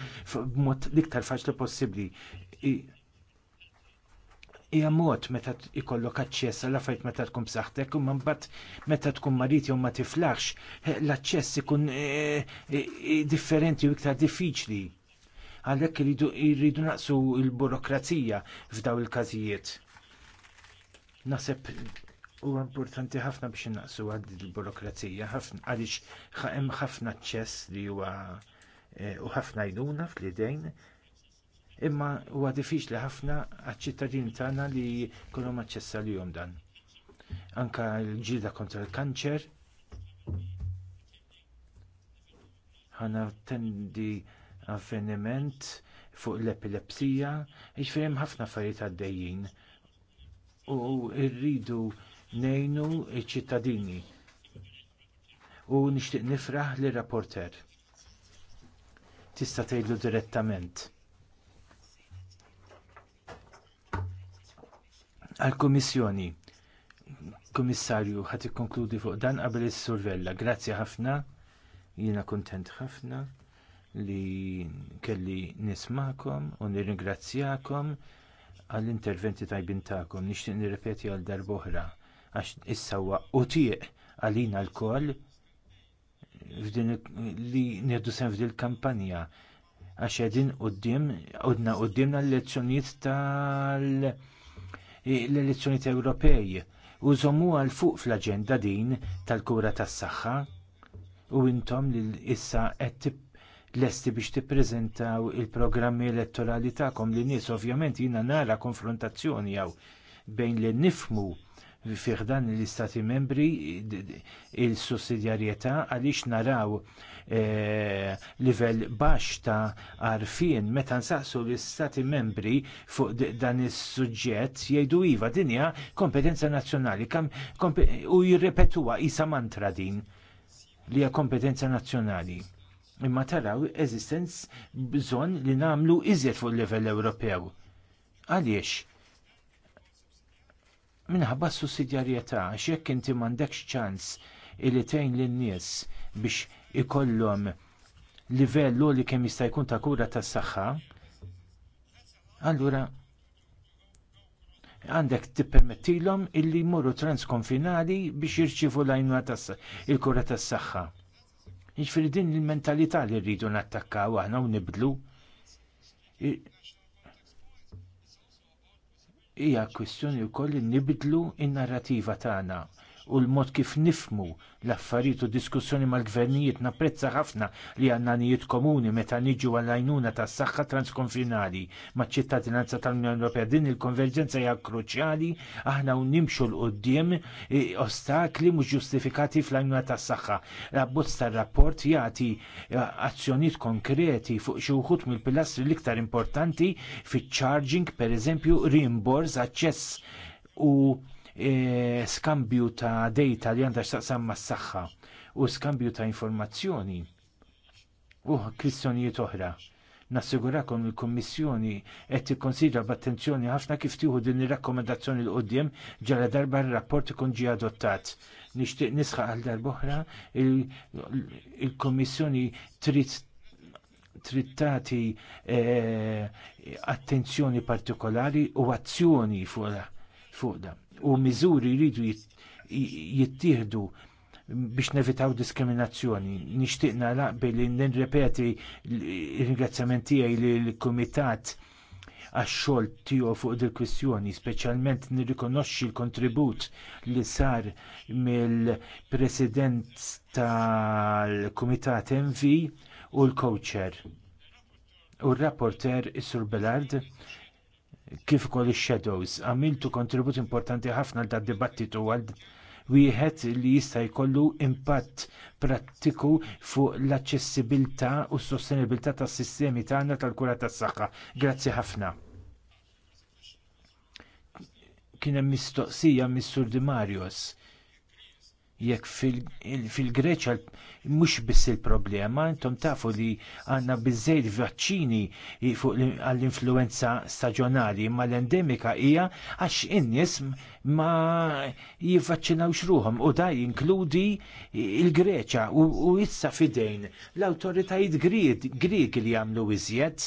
b'mod l-iktar faċli possibbli hija mod meta ikollok aċċess għal affarijiet meta tkun b'saħħtek u mbagħad meta tkun marit jew ma tiflaħx eh, l-aċċess ikun eh, eh, differenti u iktar diffiċli. Għalhekk irridu naqsu l-burokrazija f'daw il-każijiet. Naseb huwa importanti ħafna biex naqsu għaddi il burokrazija għaliex hemm ħafna aċċess li huwa u ħafna jduna fl-idejn imma huwa diffiċli ħafna għaċ-ċittadini tagħna li jkollhom aċċess għalihom dan. Anka l-ġilda kontra l-kanċer. Ħana attendi avveniment fuq l-epilepsija, iġfirem ħafna affarijiet għaddejjin. U rridu nejnu ċittadini. U nixtieq nifraħ lir rapporter. Tista' tgħidlu direttament għal kummissjoni Kummissarju, ħadd ikkonkludi fuq dan qabel is-survella. Grazzi ħafna, jiena kuntent ħafna li kelli nismakom u nirringrazzjakom għall-interventi tajbin tagħkom. Nixtieq nirrepeti għal darb'oħra għax issa huwa utieq għalina lkoll li nieħdu sem f'din il-kampanja għax qegħdin quddiem qudna qudiemna l-elezzjonijiet tal- l elezzjoni Ewropej u żommu għal fuq fl-aġenda din tal-kura tas-saħħa u intom li issa qed lesti biex tippreżentaw il-programmi elettorali tagħkom li nies ovvjament jiena nara konfrontazzjoni jew bejn li nifmu fih dan l-istati membri il-sussidjarjetà għaliex naraw eh, livell baxx ta' għarfien meta nsaqsu l-istati membri fuq dan is-suġġett jgħidu iva din hija kompetenza nazzjonali u jirrepetuha isa mantra din li hija kompetenza nazzjonali imma taraw eżistenz bżonn li nagħmlu iżjed fuq il livell Ewropew. Għaliex? minħabba s sussidjarjetà għax jekk inti m'għandekx ċans illi tgħin lin-nies biex ikollhom livell li kemm jista' jkun ta' kura tas-saħħa, allura għandek tippermettilhom illi jmorru transkonfinali biex jirċivu l-għajnuna il-kura tas-saħħa. Jiġifieri din il-mentalità li rridu nattakkaw aħna u nibdlu hija kwistjoni wkoll li nibidlu n narrattiva tagħna u l-mod kif nifmu l-affarijiet u diskussjoni mal-gvernijiet napprezza ħafna li għanna nijiet komuni meta niġu għall-għajnuna tas saħħa transkonfinali maċ ċittadinanza tal-Unjoni Ewropea. Din il-konverġenza hija kruċjali aħna u nimxu l-qudiem e, ostakli mhux ġustifikati fl-għajnuna tas saħħa. L-abbozz tar-rapport jagħti e, azzjonijiet konkreti fuq xi wħud mill-pilastri l-iktar importanti fiċ-charging, pereżempju, rimbors, aċċess u E, skambju ta' data li għandha x'taqsam mas-saħħa u skambju ta' informazzjoni u kwistjonijiet oħra. Nassigurakom il kummissjoni qed tikkonsidra b'attenzjoni ħafna kif tieħu din ir-rakkomandazzjoni l qudiem ġara darba r-rapport ikun ġie adottat. Nixtieq nisħaq għal darba oħra il kummissjoni trid trittati e, attenzjoni partikolari u azzjoni fuq da u miżuri jridu jittieħdu biex nevitaw diskriminazzjoni. Nixtieq naraq li nirrepeti ringrazzjamenti tiegħi l kumitat għax-xogħol tiegħu fuq il kwistjoni speċjalment nirrikonoxxi l-kontribut li sar mill-President tal-Kumitat MV u l-Coacher u r-rapporter Sur Belard kif ukoll ix-shadows. Għamiltu kontribut importanti ħafna għal dibattitu għal wieħed li jista' jkollu impatt prattiku fuq l-aċċessibilità u s-sostenibilità tas-sistemi tagħna tal-kura tas-saħħa. Grazzi ħafna. Kien hemm mistoqsija mis-Sur Di Marius jekk fil-Greċa mhux biss il-problema, intom tafu li għandna biżżejjed vaċċini fuq għall-influenza staġjonali, imma l-endemika hija għax in-nies ma jivvaċċinawx ruhom u da jinkludi il-Greċa u issa fidejn l-awtoritajiet Grieg li jagħmlu iżjed.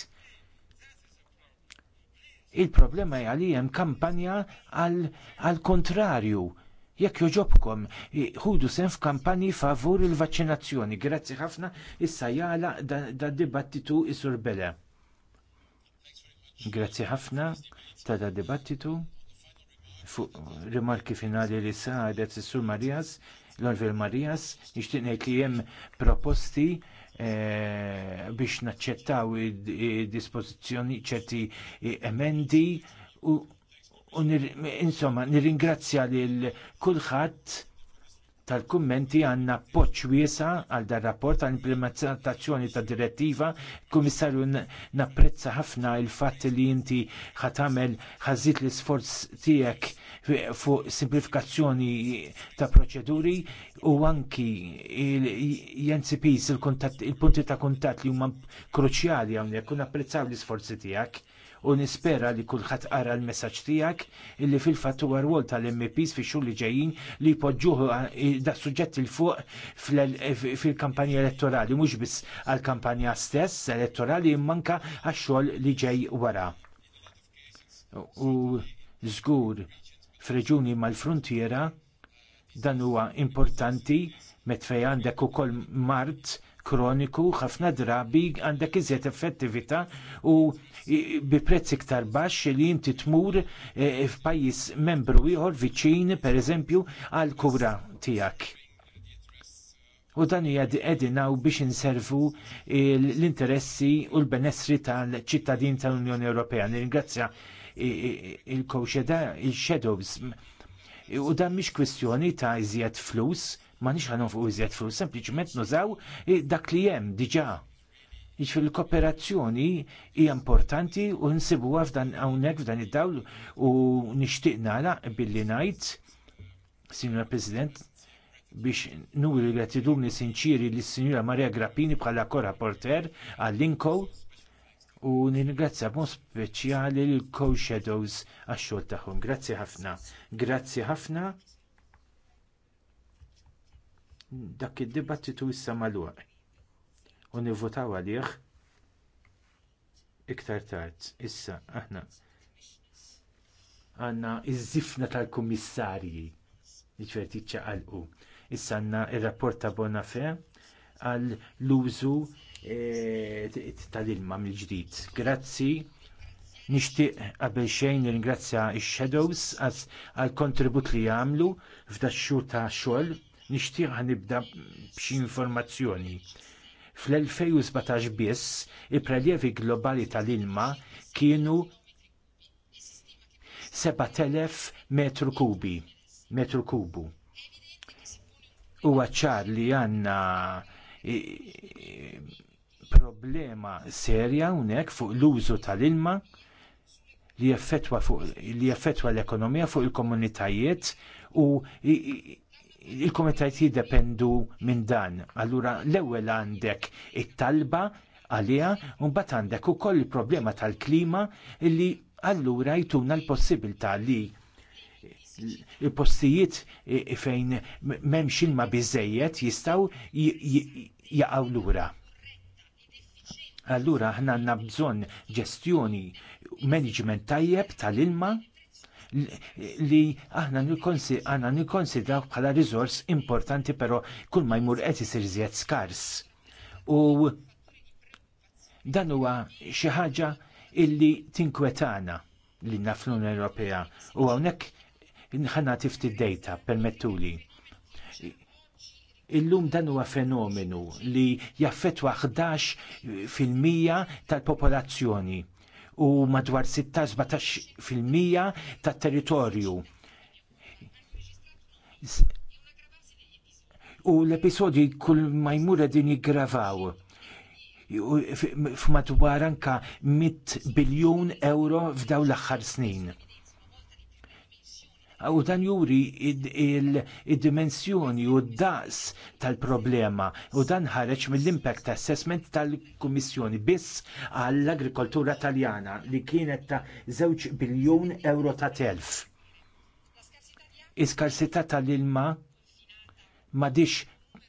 Il-problema hija li hemm kampanja għall-kontrarju. Għal Jekk joġobkom, ħudu sen f'kampanji favur il-vaċċinazzjoni. Grazzi ħafna, issa jala da dibattitu is Bele. Grazzi ħafna ta' da dibattitu fuq rimarki finali li saħdet is-sur Marijas, l-Orvil Marijas, nixtieq ngħid li hemm proposti eh, biex naċċettaw id-dispożizzjoni ċerti eh, emendi u u insomma nirringrazzja lil kulħadd tal-kummenti għanna poċ wiesa għal dar rapport għal implementazzjoni ta' direttiva. Kummissarju napprezza ħafna il-fatt li inti ħatamel ħazit l-isforz tiegħek fuq simplifikazzjoni ta' proċeduri u anki l-NCPs, il-punti ta' kuntatt li huma kruċjali hawnhekk u napprezzaw l-isforzi tiegħek u nispera li kulħadd qara l-messaġġ tiegħek illi fil-fatt huwa rwol tal-MPs fi xhur li ġejjin li jpoġġuh eh, da suġġett il fuq eh, fil-kampanja elettorali mhux biss għall-kampanja stess elettorali immanka għax-xogħol li ġej wara. U żgur f'reġuni mal-frontiera dan huwa importanti met fej għandek ukoll mart kroniku ħafna drabi għandek iżjed effettività u bi prezzi iktar baxx li inti tmur e, f'pajjiż membru ieħor viċin pereżempju għal kura tiegħek. U dan hija edinaw biex inservu l-interessi u l-benessri tal-ċittadin tal-Unjoni Ewropea. Nirringrazzja il-kowxeda, il-shadows. U dan mhix kwistjoni ta' iżjed flus, ma nix ħanon u iżjed fuq, sempliciment nużaw eh, dak li jem diġa. Iġ fil-kooperazzjoni jiġifieri hija importanti u nsibuha f'dan hawnhekk f'dan id-dawl u nixtieq nagħlaq billi ngħid, Sinjor President, biex nuri gratiduni sinċiri li s-Sinjura Maria Grappini bħala porter għall-Inko u ningrazzja b'mod speċjali l co-shadows għax-xogħol tagħhom. Grazzi ħafna. Grazzi ħafna dak id-dibattitu issa magħluq u nivvotaw għalih iktar tard. Issa aħna għanna iż zifna tal-kummissarji jiġifieri iċverti ċaqalqu. Issa għandna il rapport ta' Bonafè għal l-użu e, tal-ilma mill-ġdid. Grazzi. Nixtieq qabel xejn nirringrazzja ix shadows għall kontribut li jagħmlu f'dax xhur ta' xogħol Nixtieq nibda b'xi informazzjoni. Fl-2017 biss, il-prelievi globali tal-ilma kienu 7000 metru kubi, metru kubu. U għacċar li għanna problema serja unek fuq l-użu tal-ilma li jaffetwa l-ekonomija fuq il-komunitajiet u il-komitajt jiddependu minn dan. Allura l-ewwel għandek it-talba għalija, un bat għandek ukoll il-problema tal-klima li allura jtuna l-possibilità li il-postijiet fejn memx ilma bizzejiet jistaw jaqaw lura. Allura ħna għanna bżon ġestjoni management tajjeb tal-ilma li aħna nikonsi nikkonsidraw bħala riżors importanti però kull ma jmur qed isir żjed skars. U dan huwa xi ħaġa illi tinkwetana li nafl-Unjoni Ewropea u hawnhekk nħanna tifti data permettuli. Illum dan huwa fenomenu li jaffetwa 11% tal-popolazzjoni u madwar 16-17% tat territorju. U l episodi kull ma jmur din jiggravaw f'madwar anka 100 biljun euro f'daw l-aħħar snin u dan juri id-dimensjoni u d-daqs tal-problema u dan ħareġ mill-impact assessment tal-Kummissjoni biss għall-agrikoltura taljana li kienet ta' 2 biljun euro ta' telf. Iskarsità tal-ilma ma dix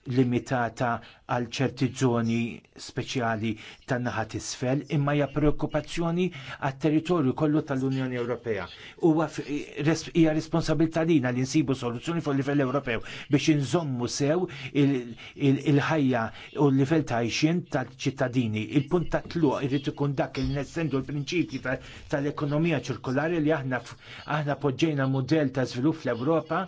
limitata għal ċerti żoni speċjali tan-naħa tisfel, imma hija preokkupazzjoni għat territorju kollu tal-Unjoni Ewropea. Huwa hija responsabilità lina li nsibu soluzzjoni fuq livell Ewropew biex inżommu sew il-ħajja u l-livell ta' għajxin tal-ċittadini. Il-punt ta' tluq irid ikun dak il nessendu l-prinċipji tal-ekonomija ċirkolari li aħna aħna poġġejna mudell ta' żvilupp fl-Ewropa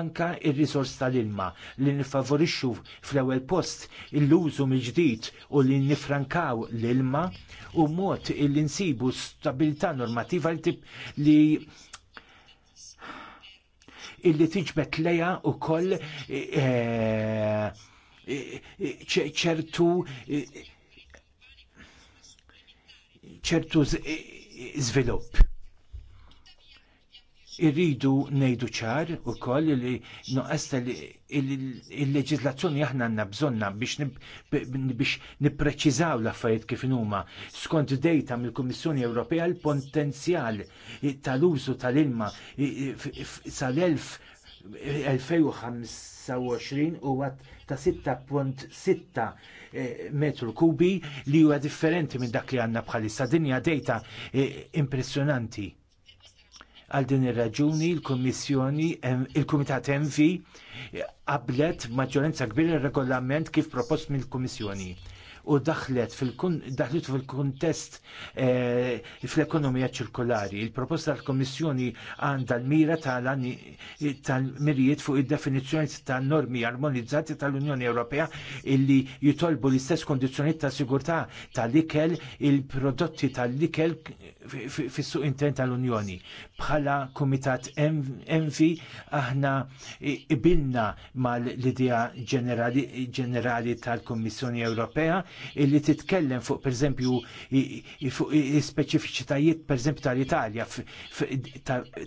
anka ir-risors tal-ilma li nifavorixxu fl-ewwel post il-lużu mill-ġdid u li nifrankaw l-ilma u mod li nsibu stabilità normativa li illi tiġbet leja u koll eh, eh, eh, ċertu ċertu zvilupp irridu ngħidu ċar ukoll li noqqas il-leġizlazzjoni aħna għandna bżonna biex nippreċiżaw l-affarijiet kif huma skont dejta mill-Kummissjoni Ewropea l-potenzjal tal-użu tal-ilma sal-2025 huwa ta' 6.6 eh, metru kubi li huwa differenti minn dak li għandna bħalissa. Dinja dejta eh, impressjonanti Għal din ir-raġuni il-Kummissjoni il-Kumitat Envi qablet maġġoranza kbira regolament kif propost mill-Kummissjoni u daħlet fil-daħlet fil-kontest eh, fl-ekonomija ċirkolari. Il-proposta tal-Komissjoni għandha l-mira tal-mirijiet fuq id-definizzjoni ta' normi armonizzati tal-Unjoni Ewropea illi jitolbu l-istess kondizzjonijiet ta' sigurtà tal-ikel il-prodotti tal-ikel fis-suq intern tal-Unjoni. Bħala Kumitat Envi aħna ibilna mal-idea ġenerali tal komissjoni Ewropea illi titkellem fuq pereżempju fuq speċifiċitajiet pereżempju tal-Italja,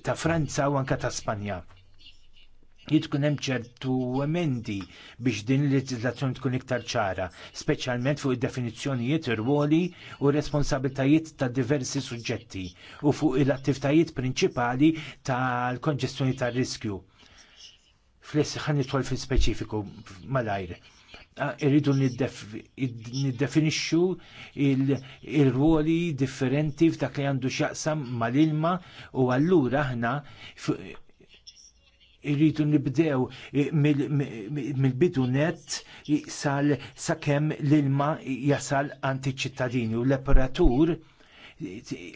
ta' Franza u anke ta' Spanja. Jitkun hemm ċertu emendi biex din il-leġiżlazzjoni tkun iktar ċara, speċjalment fuq id-definizzjonijiet, ir-ruoli u responsabiltajiet ta' diversi suġġetti u fuq il-attivitajiet prinċipali tal-konġestjoni tar-riskju. Flessi ħan nidħol fil-speċifiku mal-ajr irridu niddefinixxu il-ruoli differenti f'dak li għandu x'jaqsam mal-ilma u allura aħna irridu nibdew eh, mill-bidu net sal sakemm l-ilma jasal għanti ċittadini u l-operatur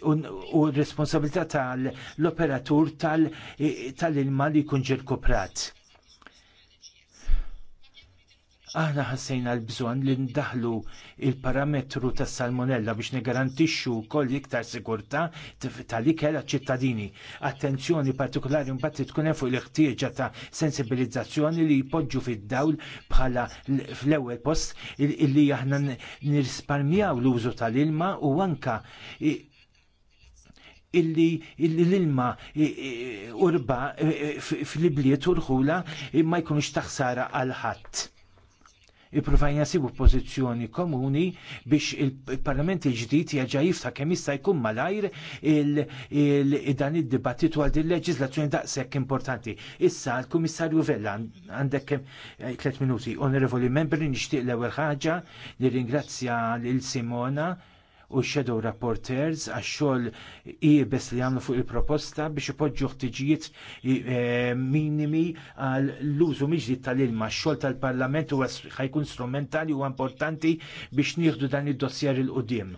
u r responsabilità tal-operatur eh, tal-ilma li jkun ġirkoprat aħna ħassejna l-bżonn li ndaħlu l parametru tas salmonella biex negarantixxu wkoll iktar sigurtà tal-ikel għaċ-ċittadini. Attenzjoni partikolari mbagħad tkun hemm fuq l-ħtieġa ta' sensibilizzazzjoni li jpoġġu fid-dawl bħala fl-ewwel post li aħna nirrisparmjaw l-użu tal-ilma u anka illi l-ilma urba fl-ibliet u l-ħula ma jkunux taħsara għal ħadd Ipruvaw jasibu pożizzjoni komuni biex il-Parlament il-ġdid jaġa jifta kemm jista' jkun malajr dan id-dibattitu għal il leġizlazzjoni daqshekk importanti. Issa l komissarju Vella għandek 3 eh, minuti. Onorevoli membri nixtieq l-ewwel ħaġa li ringrazzja lil Simona u shadow rapporteurs għax xogħol ibes li għamlu fuq il-proposta biex ipoġġu ħtiġijiet eh, minimi għal l-użu miġdi tal-ilma. Xogħol tal-Parlament huwa ħajkun strumentali u importanti biex nieħdu dan id-dossier il-qudiem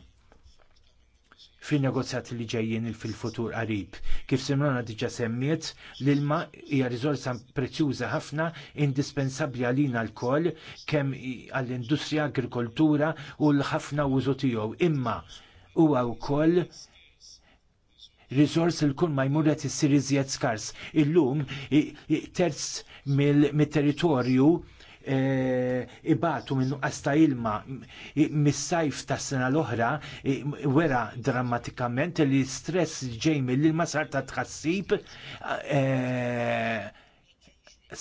fin-negozjati li ġejjin fil-futur qarib. Kif Simrona diġa semmiet, l-ilma hija riżorsa prezzjuża ħafna, indispensabbli għalina l kemm għall-industrija, agrikoltura u l-ħafna użu tiegħu. Imma huwa wkoll rizors il kull ma jmur qed issir iżjed skars. Illum terz mill-territorju mil Eh, ibatu minn nuqqas ta' ilma mis-sajf tas sena l-oħra wera drammatikament li stress ġej mill-ilma sar ta' tħassib eh,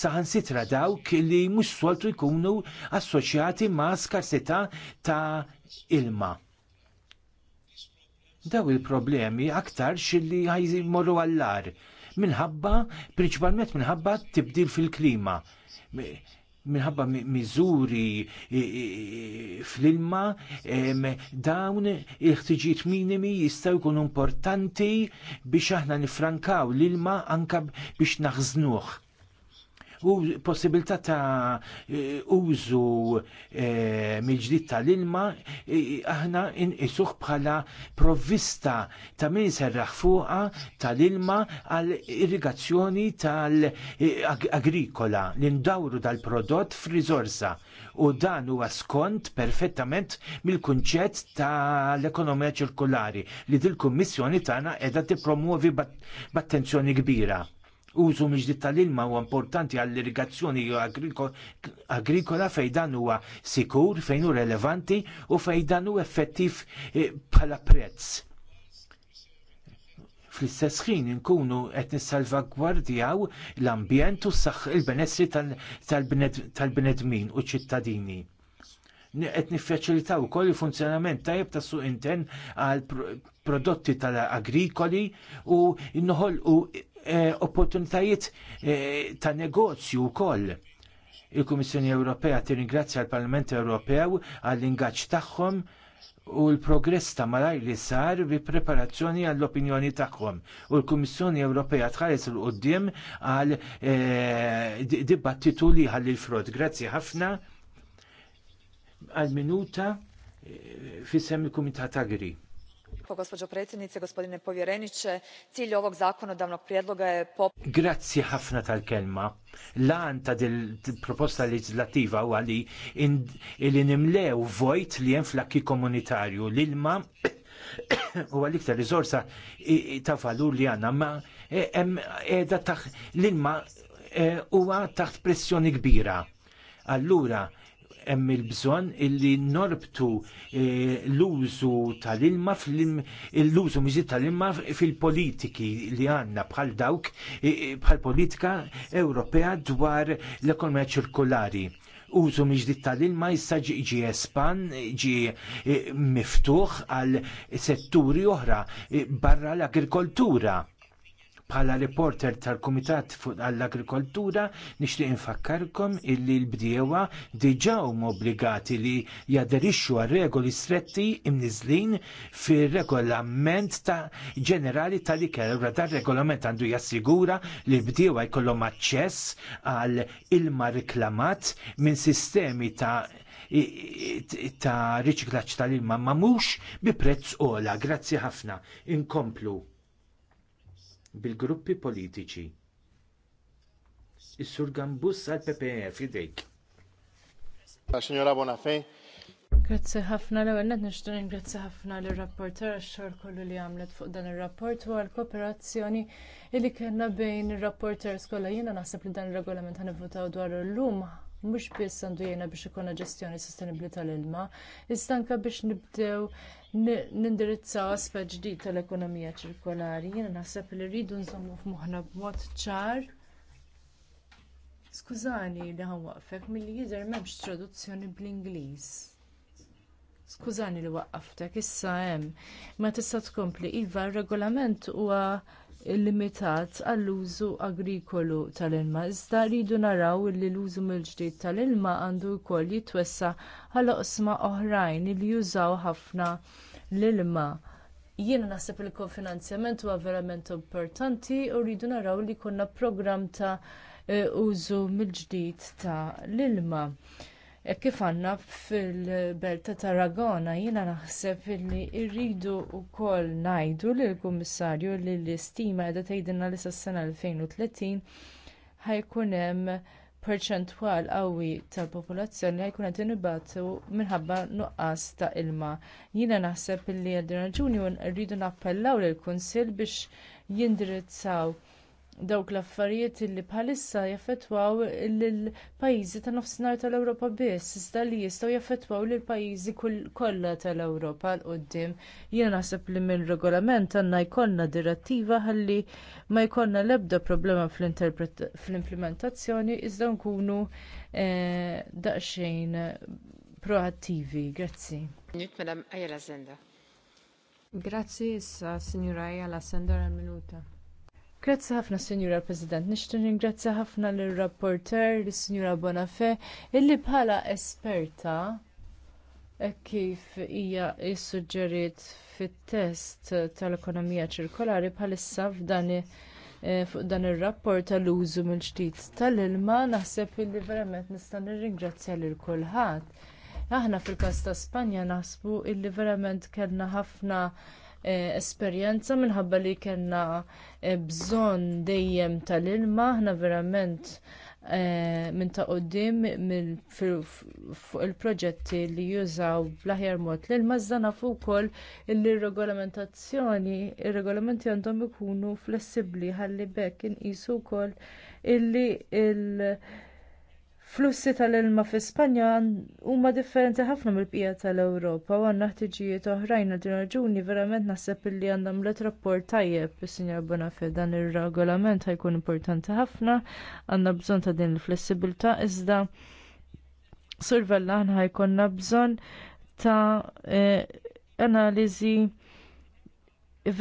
saħansitra dawk li mhux soltu jkunu assoċjati ma' skarsità ta' ilma daw il-problemi aktar xilli jmorru għallar minħabba, prinċipalment minħabba tibdil fil-klima minħabba miżuri fl-ilma dawn il-ħtiġiet minimi jistgħu jkunu importanti biex aħna nifrankaw l-ilma anka biex naħżnuh. U possibilità ta' e, użu e, mill-ġdid tal-ilma e, aħna inqisuh bħala provvista ta' min serraħ fuqa tal-ilma għal irrigazzjoni tal-agrikola li ndawru dal-prodott frizorsa u dan huwa skont perfettament mill-kunċett tal-ekonomija ċirkolari li dil-Kummissjoni tagħna qiegħda tippromuovi b'attenzjoni kbira użu miġdid tal-ilma huwa importanti għall-irrigazzjoni agrikola fejn dan huwa sikur, fejn hu relevanti u fejn dan hu effettiv eh, bħala prezz. Fl-istess ħin inkunu qed nissalvagwardjaw l-ambjent u saħħ il-benessri tal-bnedmin u ċittadini qed niffaċilitaw ukoll il-funzjonament tajjeb tas suq intern għal prodotti tal-agrikoli u u eh, opportunitajiet eh, ta' negozju wkoll. Il-Kummissjoni Ewropea tirringrazzja l-Parlament Ewropew għall-ingaġġ tagħhom u l-progress ta' malaj li sar bi preparazzjoni għall-opinjoni tagħhom. U l-Kummissjoni Ewropea tħares l qudiem għal eh, dibattitu li ħalli l-frod. Grazzi ħafna għal minuta fissem il-Kumitat Agri gospođo predsjednice gospodine povjereniče cilj ovog zakonodavnog prijedloga je grazie hafna tal-kelma. Lan ta' dil proposta leġislattiva huwa li li nimlew vojt li hemm fl-akki komunitarju l-ilma huwa l-iktar riżorsa ta' valur li għandna ma hemm e- qiegħda l-ilma e- u taħt pressjoni kbira. Allura, hemm il-bżonn illi norbtu eh, l-użu tal-ilma l-użu miżid tal-ilma fil-politiki li għandna bħal dawk eh, eh, bħal politika Ewropea dwar l-ekonomija ċirkolari. Użu miġdit tal-ilma jista' ġi espan, ġi miftuħ għal setturi oħra barra l-agrikoltura Bħala reporter tal-Kumitat fuq għall-Agrikoltura nixtieq infakkarkom illi l-bdiewa diġà huma obbligati li jaderixxu għal regoli stretti imniżlin fir-regolament ta' ġenerali tal-ikel. Dan regolament għandu jassigura li l-bdiewa jkollhom aċċess għal ilma riklamat minn sistemi ta' ta' riċiklaċ tal-ilma ma' bi prezz ola. Grazzi ħafna. Inkomplu bil-gruppi politiċi. Is-sur Gambus għal ppf e, fidejk. Ah, signora Bonafè. Grazzi ħafna l ewwel nixtu ningrazzi ħafna lir rapporter għax-xogħol kollu li għamlet fuq dan ir-rapport u għall kooperazzjoni li kellna bejn ir-rapporters kollha jiena naħseb li dan ir-regolament ħanivvutaw dwar illum mhux biss għandu jgħinna biex ikonna ġestjoni sostenibbli tal-ilma, iżda anke biex nibdew nindirizzaw aspett ġdid tal-ekonomija ċirkolari. Jiena naħseb li rridu nżommu f'moħħna b'mod ċar. Skużani li ħanwaqfek milli jidher m'hemmx traduzzjoni bl-Ingliż. Skużani li waqqaftek, issa hemm. Ma tista' tkompli iva r-regolament huwa illimitat għall-użu agrikolu tal-ilma. Iżda rridu naraw li l-użu mill-ġdid tal-ilma għandu wkoll jitwessa għal oqsma oħrajn li jużaw ħafna l-ilma. Jiena naħseb li l-kofinanzjament huwa verament importanti u rridu naraw li jkollna programm ta' eh, użu mill-ġdid tal ilma E kif għandna fil-belt ta' Tarragona jiena naħseb li rridu wkoll ngħidu lill kummissarju li l-istima qiegħda tgħidilna li sas-sena 2030 ħajkun hemm perċentwal qawwi tal-popolazzjoni li jkun qed inibatu minħabba nuqqas ta' ilma. Jiena naħseb li għal din raġuni rridu nappellaw lill-Kunsill biex jindirizzaw dawk l-affarijiet illi bħalissa jaffettwaw lill-pajjiżi ta' nofsinhar tal-Ewropa biss, iżda li jistgħu jaffettwaw lil pajjiżi kollha tal-Ewropa l qudiem jien naħseb li minn regolament għandna jkollna direttiva ħalli ma jkollna l-ebda problema fl-implementazzjoni iżda nkunu eh, daqsxejn proattivi. Grazzi. Grazzi issa, Signora Ayala Sender, minuta. Grazzi ħafna, Sinjura President. Nishtu ringrazzja ħafna l rapporter lis sinjura Bonafè, illi bħala esperta e kif hija jissuġġerit fit-test tal-ekonomija ċirkolari bħalissa f'dan e, fuq dan ir-rapport tal-użu mill-ġdid tal-ilma naħseb illi verament nista' nirringrazzja lil kulħadd. Aħna fil-każ ta' Spanja naħsbu illi verament kellna ħafna Eh, esperjenza minħabba li kellna eh, bżonn dejjem tal-ilma, aħna verament eh, minn ta' qoddim fuq il-proġetti li jużaw bl-aħjar mod l-ilma zana nafu wkoll li regolamentazzjoni ir-regolamenti għandhom ikunu flessibbli ħalli bekk inqisu wkoll illi l flussi tal-ilma fi Spanja huma differenti ħafna mill-bqija tal-Ewropa u għandna ħtiġijiet oħrajn għal din raġuni verament naħseb illi għandhom let rapport tajjeb is-Sinjor Bonafè dan ir-regolament ħajkun importanti ħafna għandna bżonn ta' din il-flessibilità iżda survellan ħajkonna bżonn ta' eh, analiżi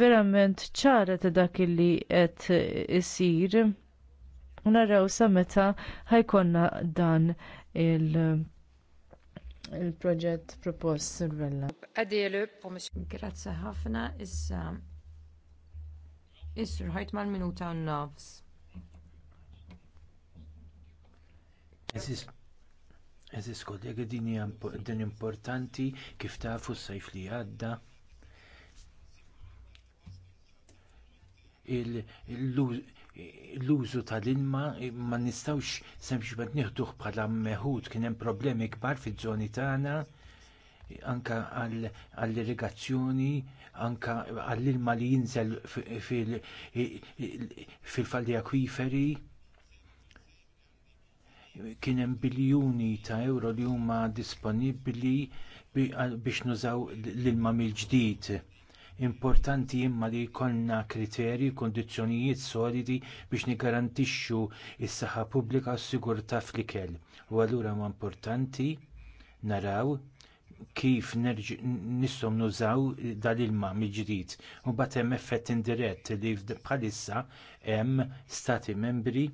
verament ċara ta' dak li qed isir u naraw sa meta ħajkonna dan il- il-proġett propost Sirvella. Għadielu, oh, Grazzi ħafna, issa. Issur ħajt mal-minuta u nofs. Eżis kollegi din importanti kif tafu s-sajf li għadda. il l-użu tal-ilma ma nistawx sempliċement nieħduh bħala meħud kien hemm problemi kbar fiż-żoni tagħna anka għall-irrigazzjoni, anka għall-ilma li jinżel fil-falli akwiferi. Kien hemm biljuni ta' euro li huma disponibbli biex nużaw l-ilma mill-ġdid Importanti imma li jkollna kriterji, kundizzjonijiet solidi biex nigarantixxu s saħħa pubblika u s-sigurtà fl-ikel. U allura ma importanti naraw kif nistgħu nużaw dal-ilma mill-ġdid. U bat hemm effett indirett li bħalissa hemm stati membri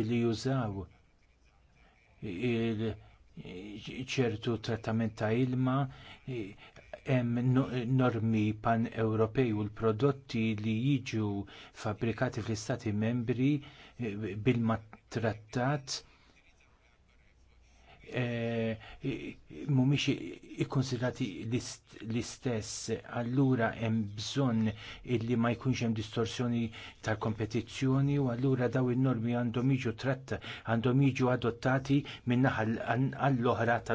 li jużaw ċertu trattament ta' ilma hemm normi pan-Ewropej u l-prodotti li jiġu fabbrikati fl-Istati membri eh, bil-mattrattat eh, mumiex ikkonsidrati l-istess, allura hemm bżonn illi ma jkunx hemm distorsjoni tal-kompetizzjoni u allura daw in-normi għandhom jiġu tratta, għandhom jiġu adottati minn naħa għall-oħra tal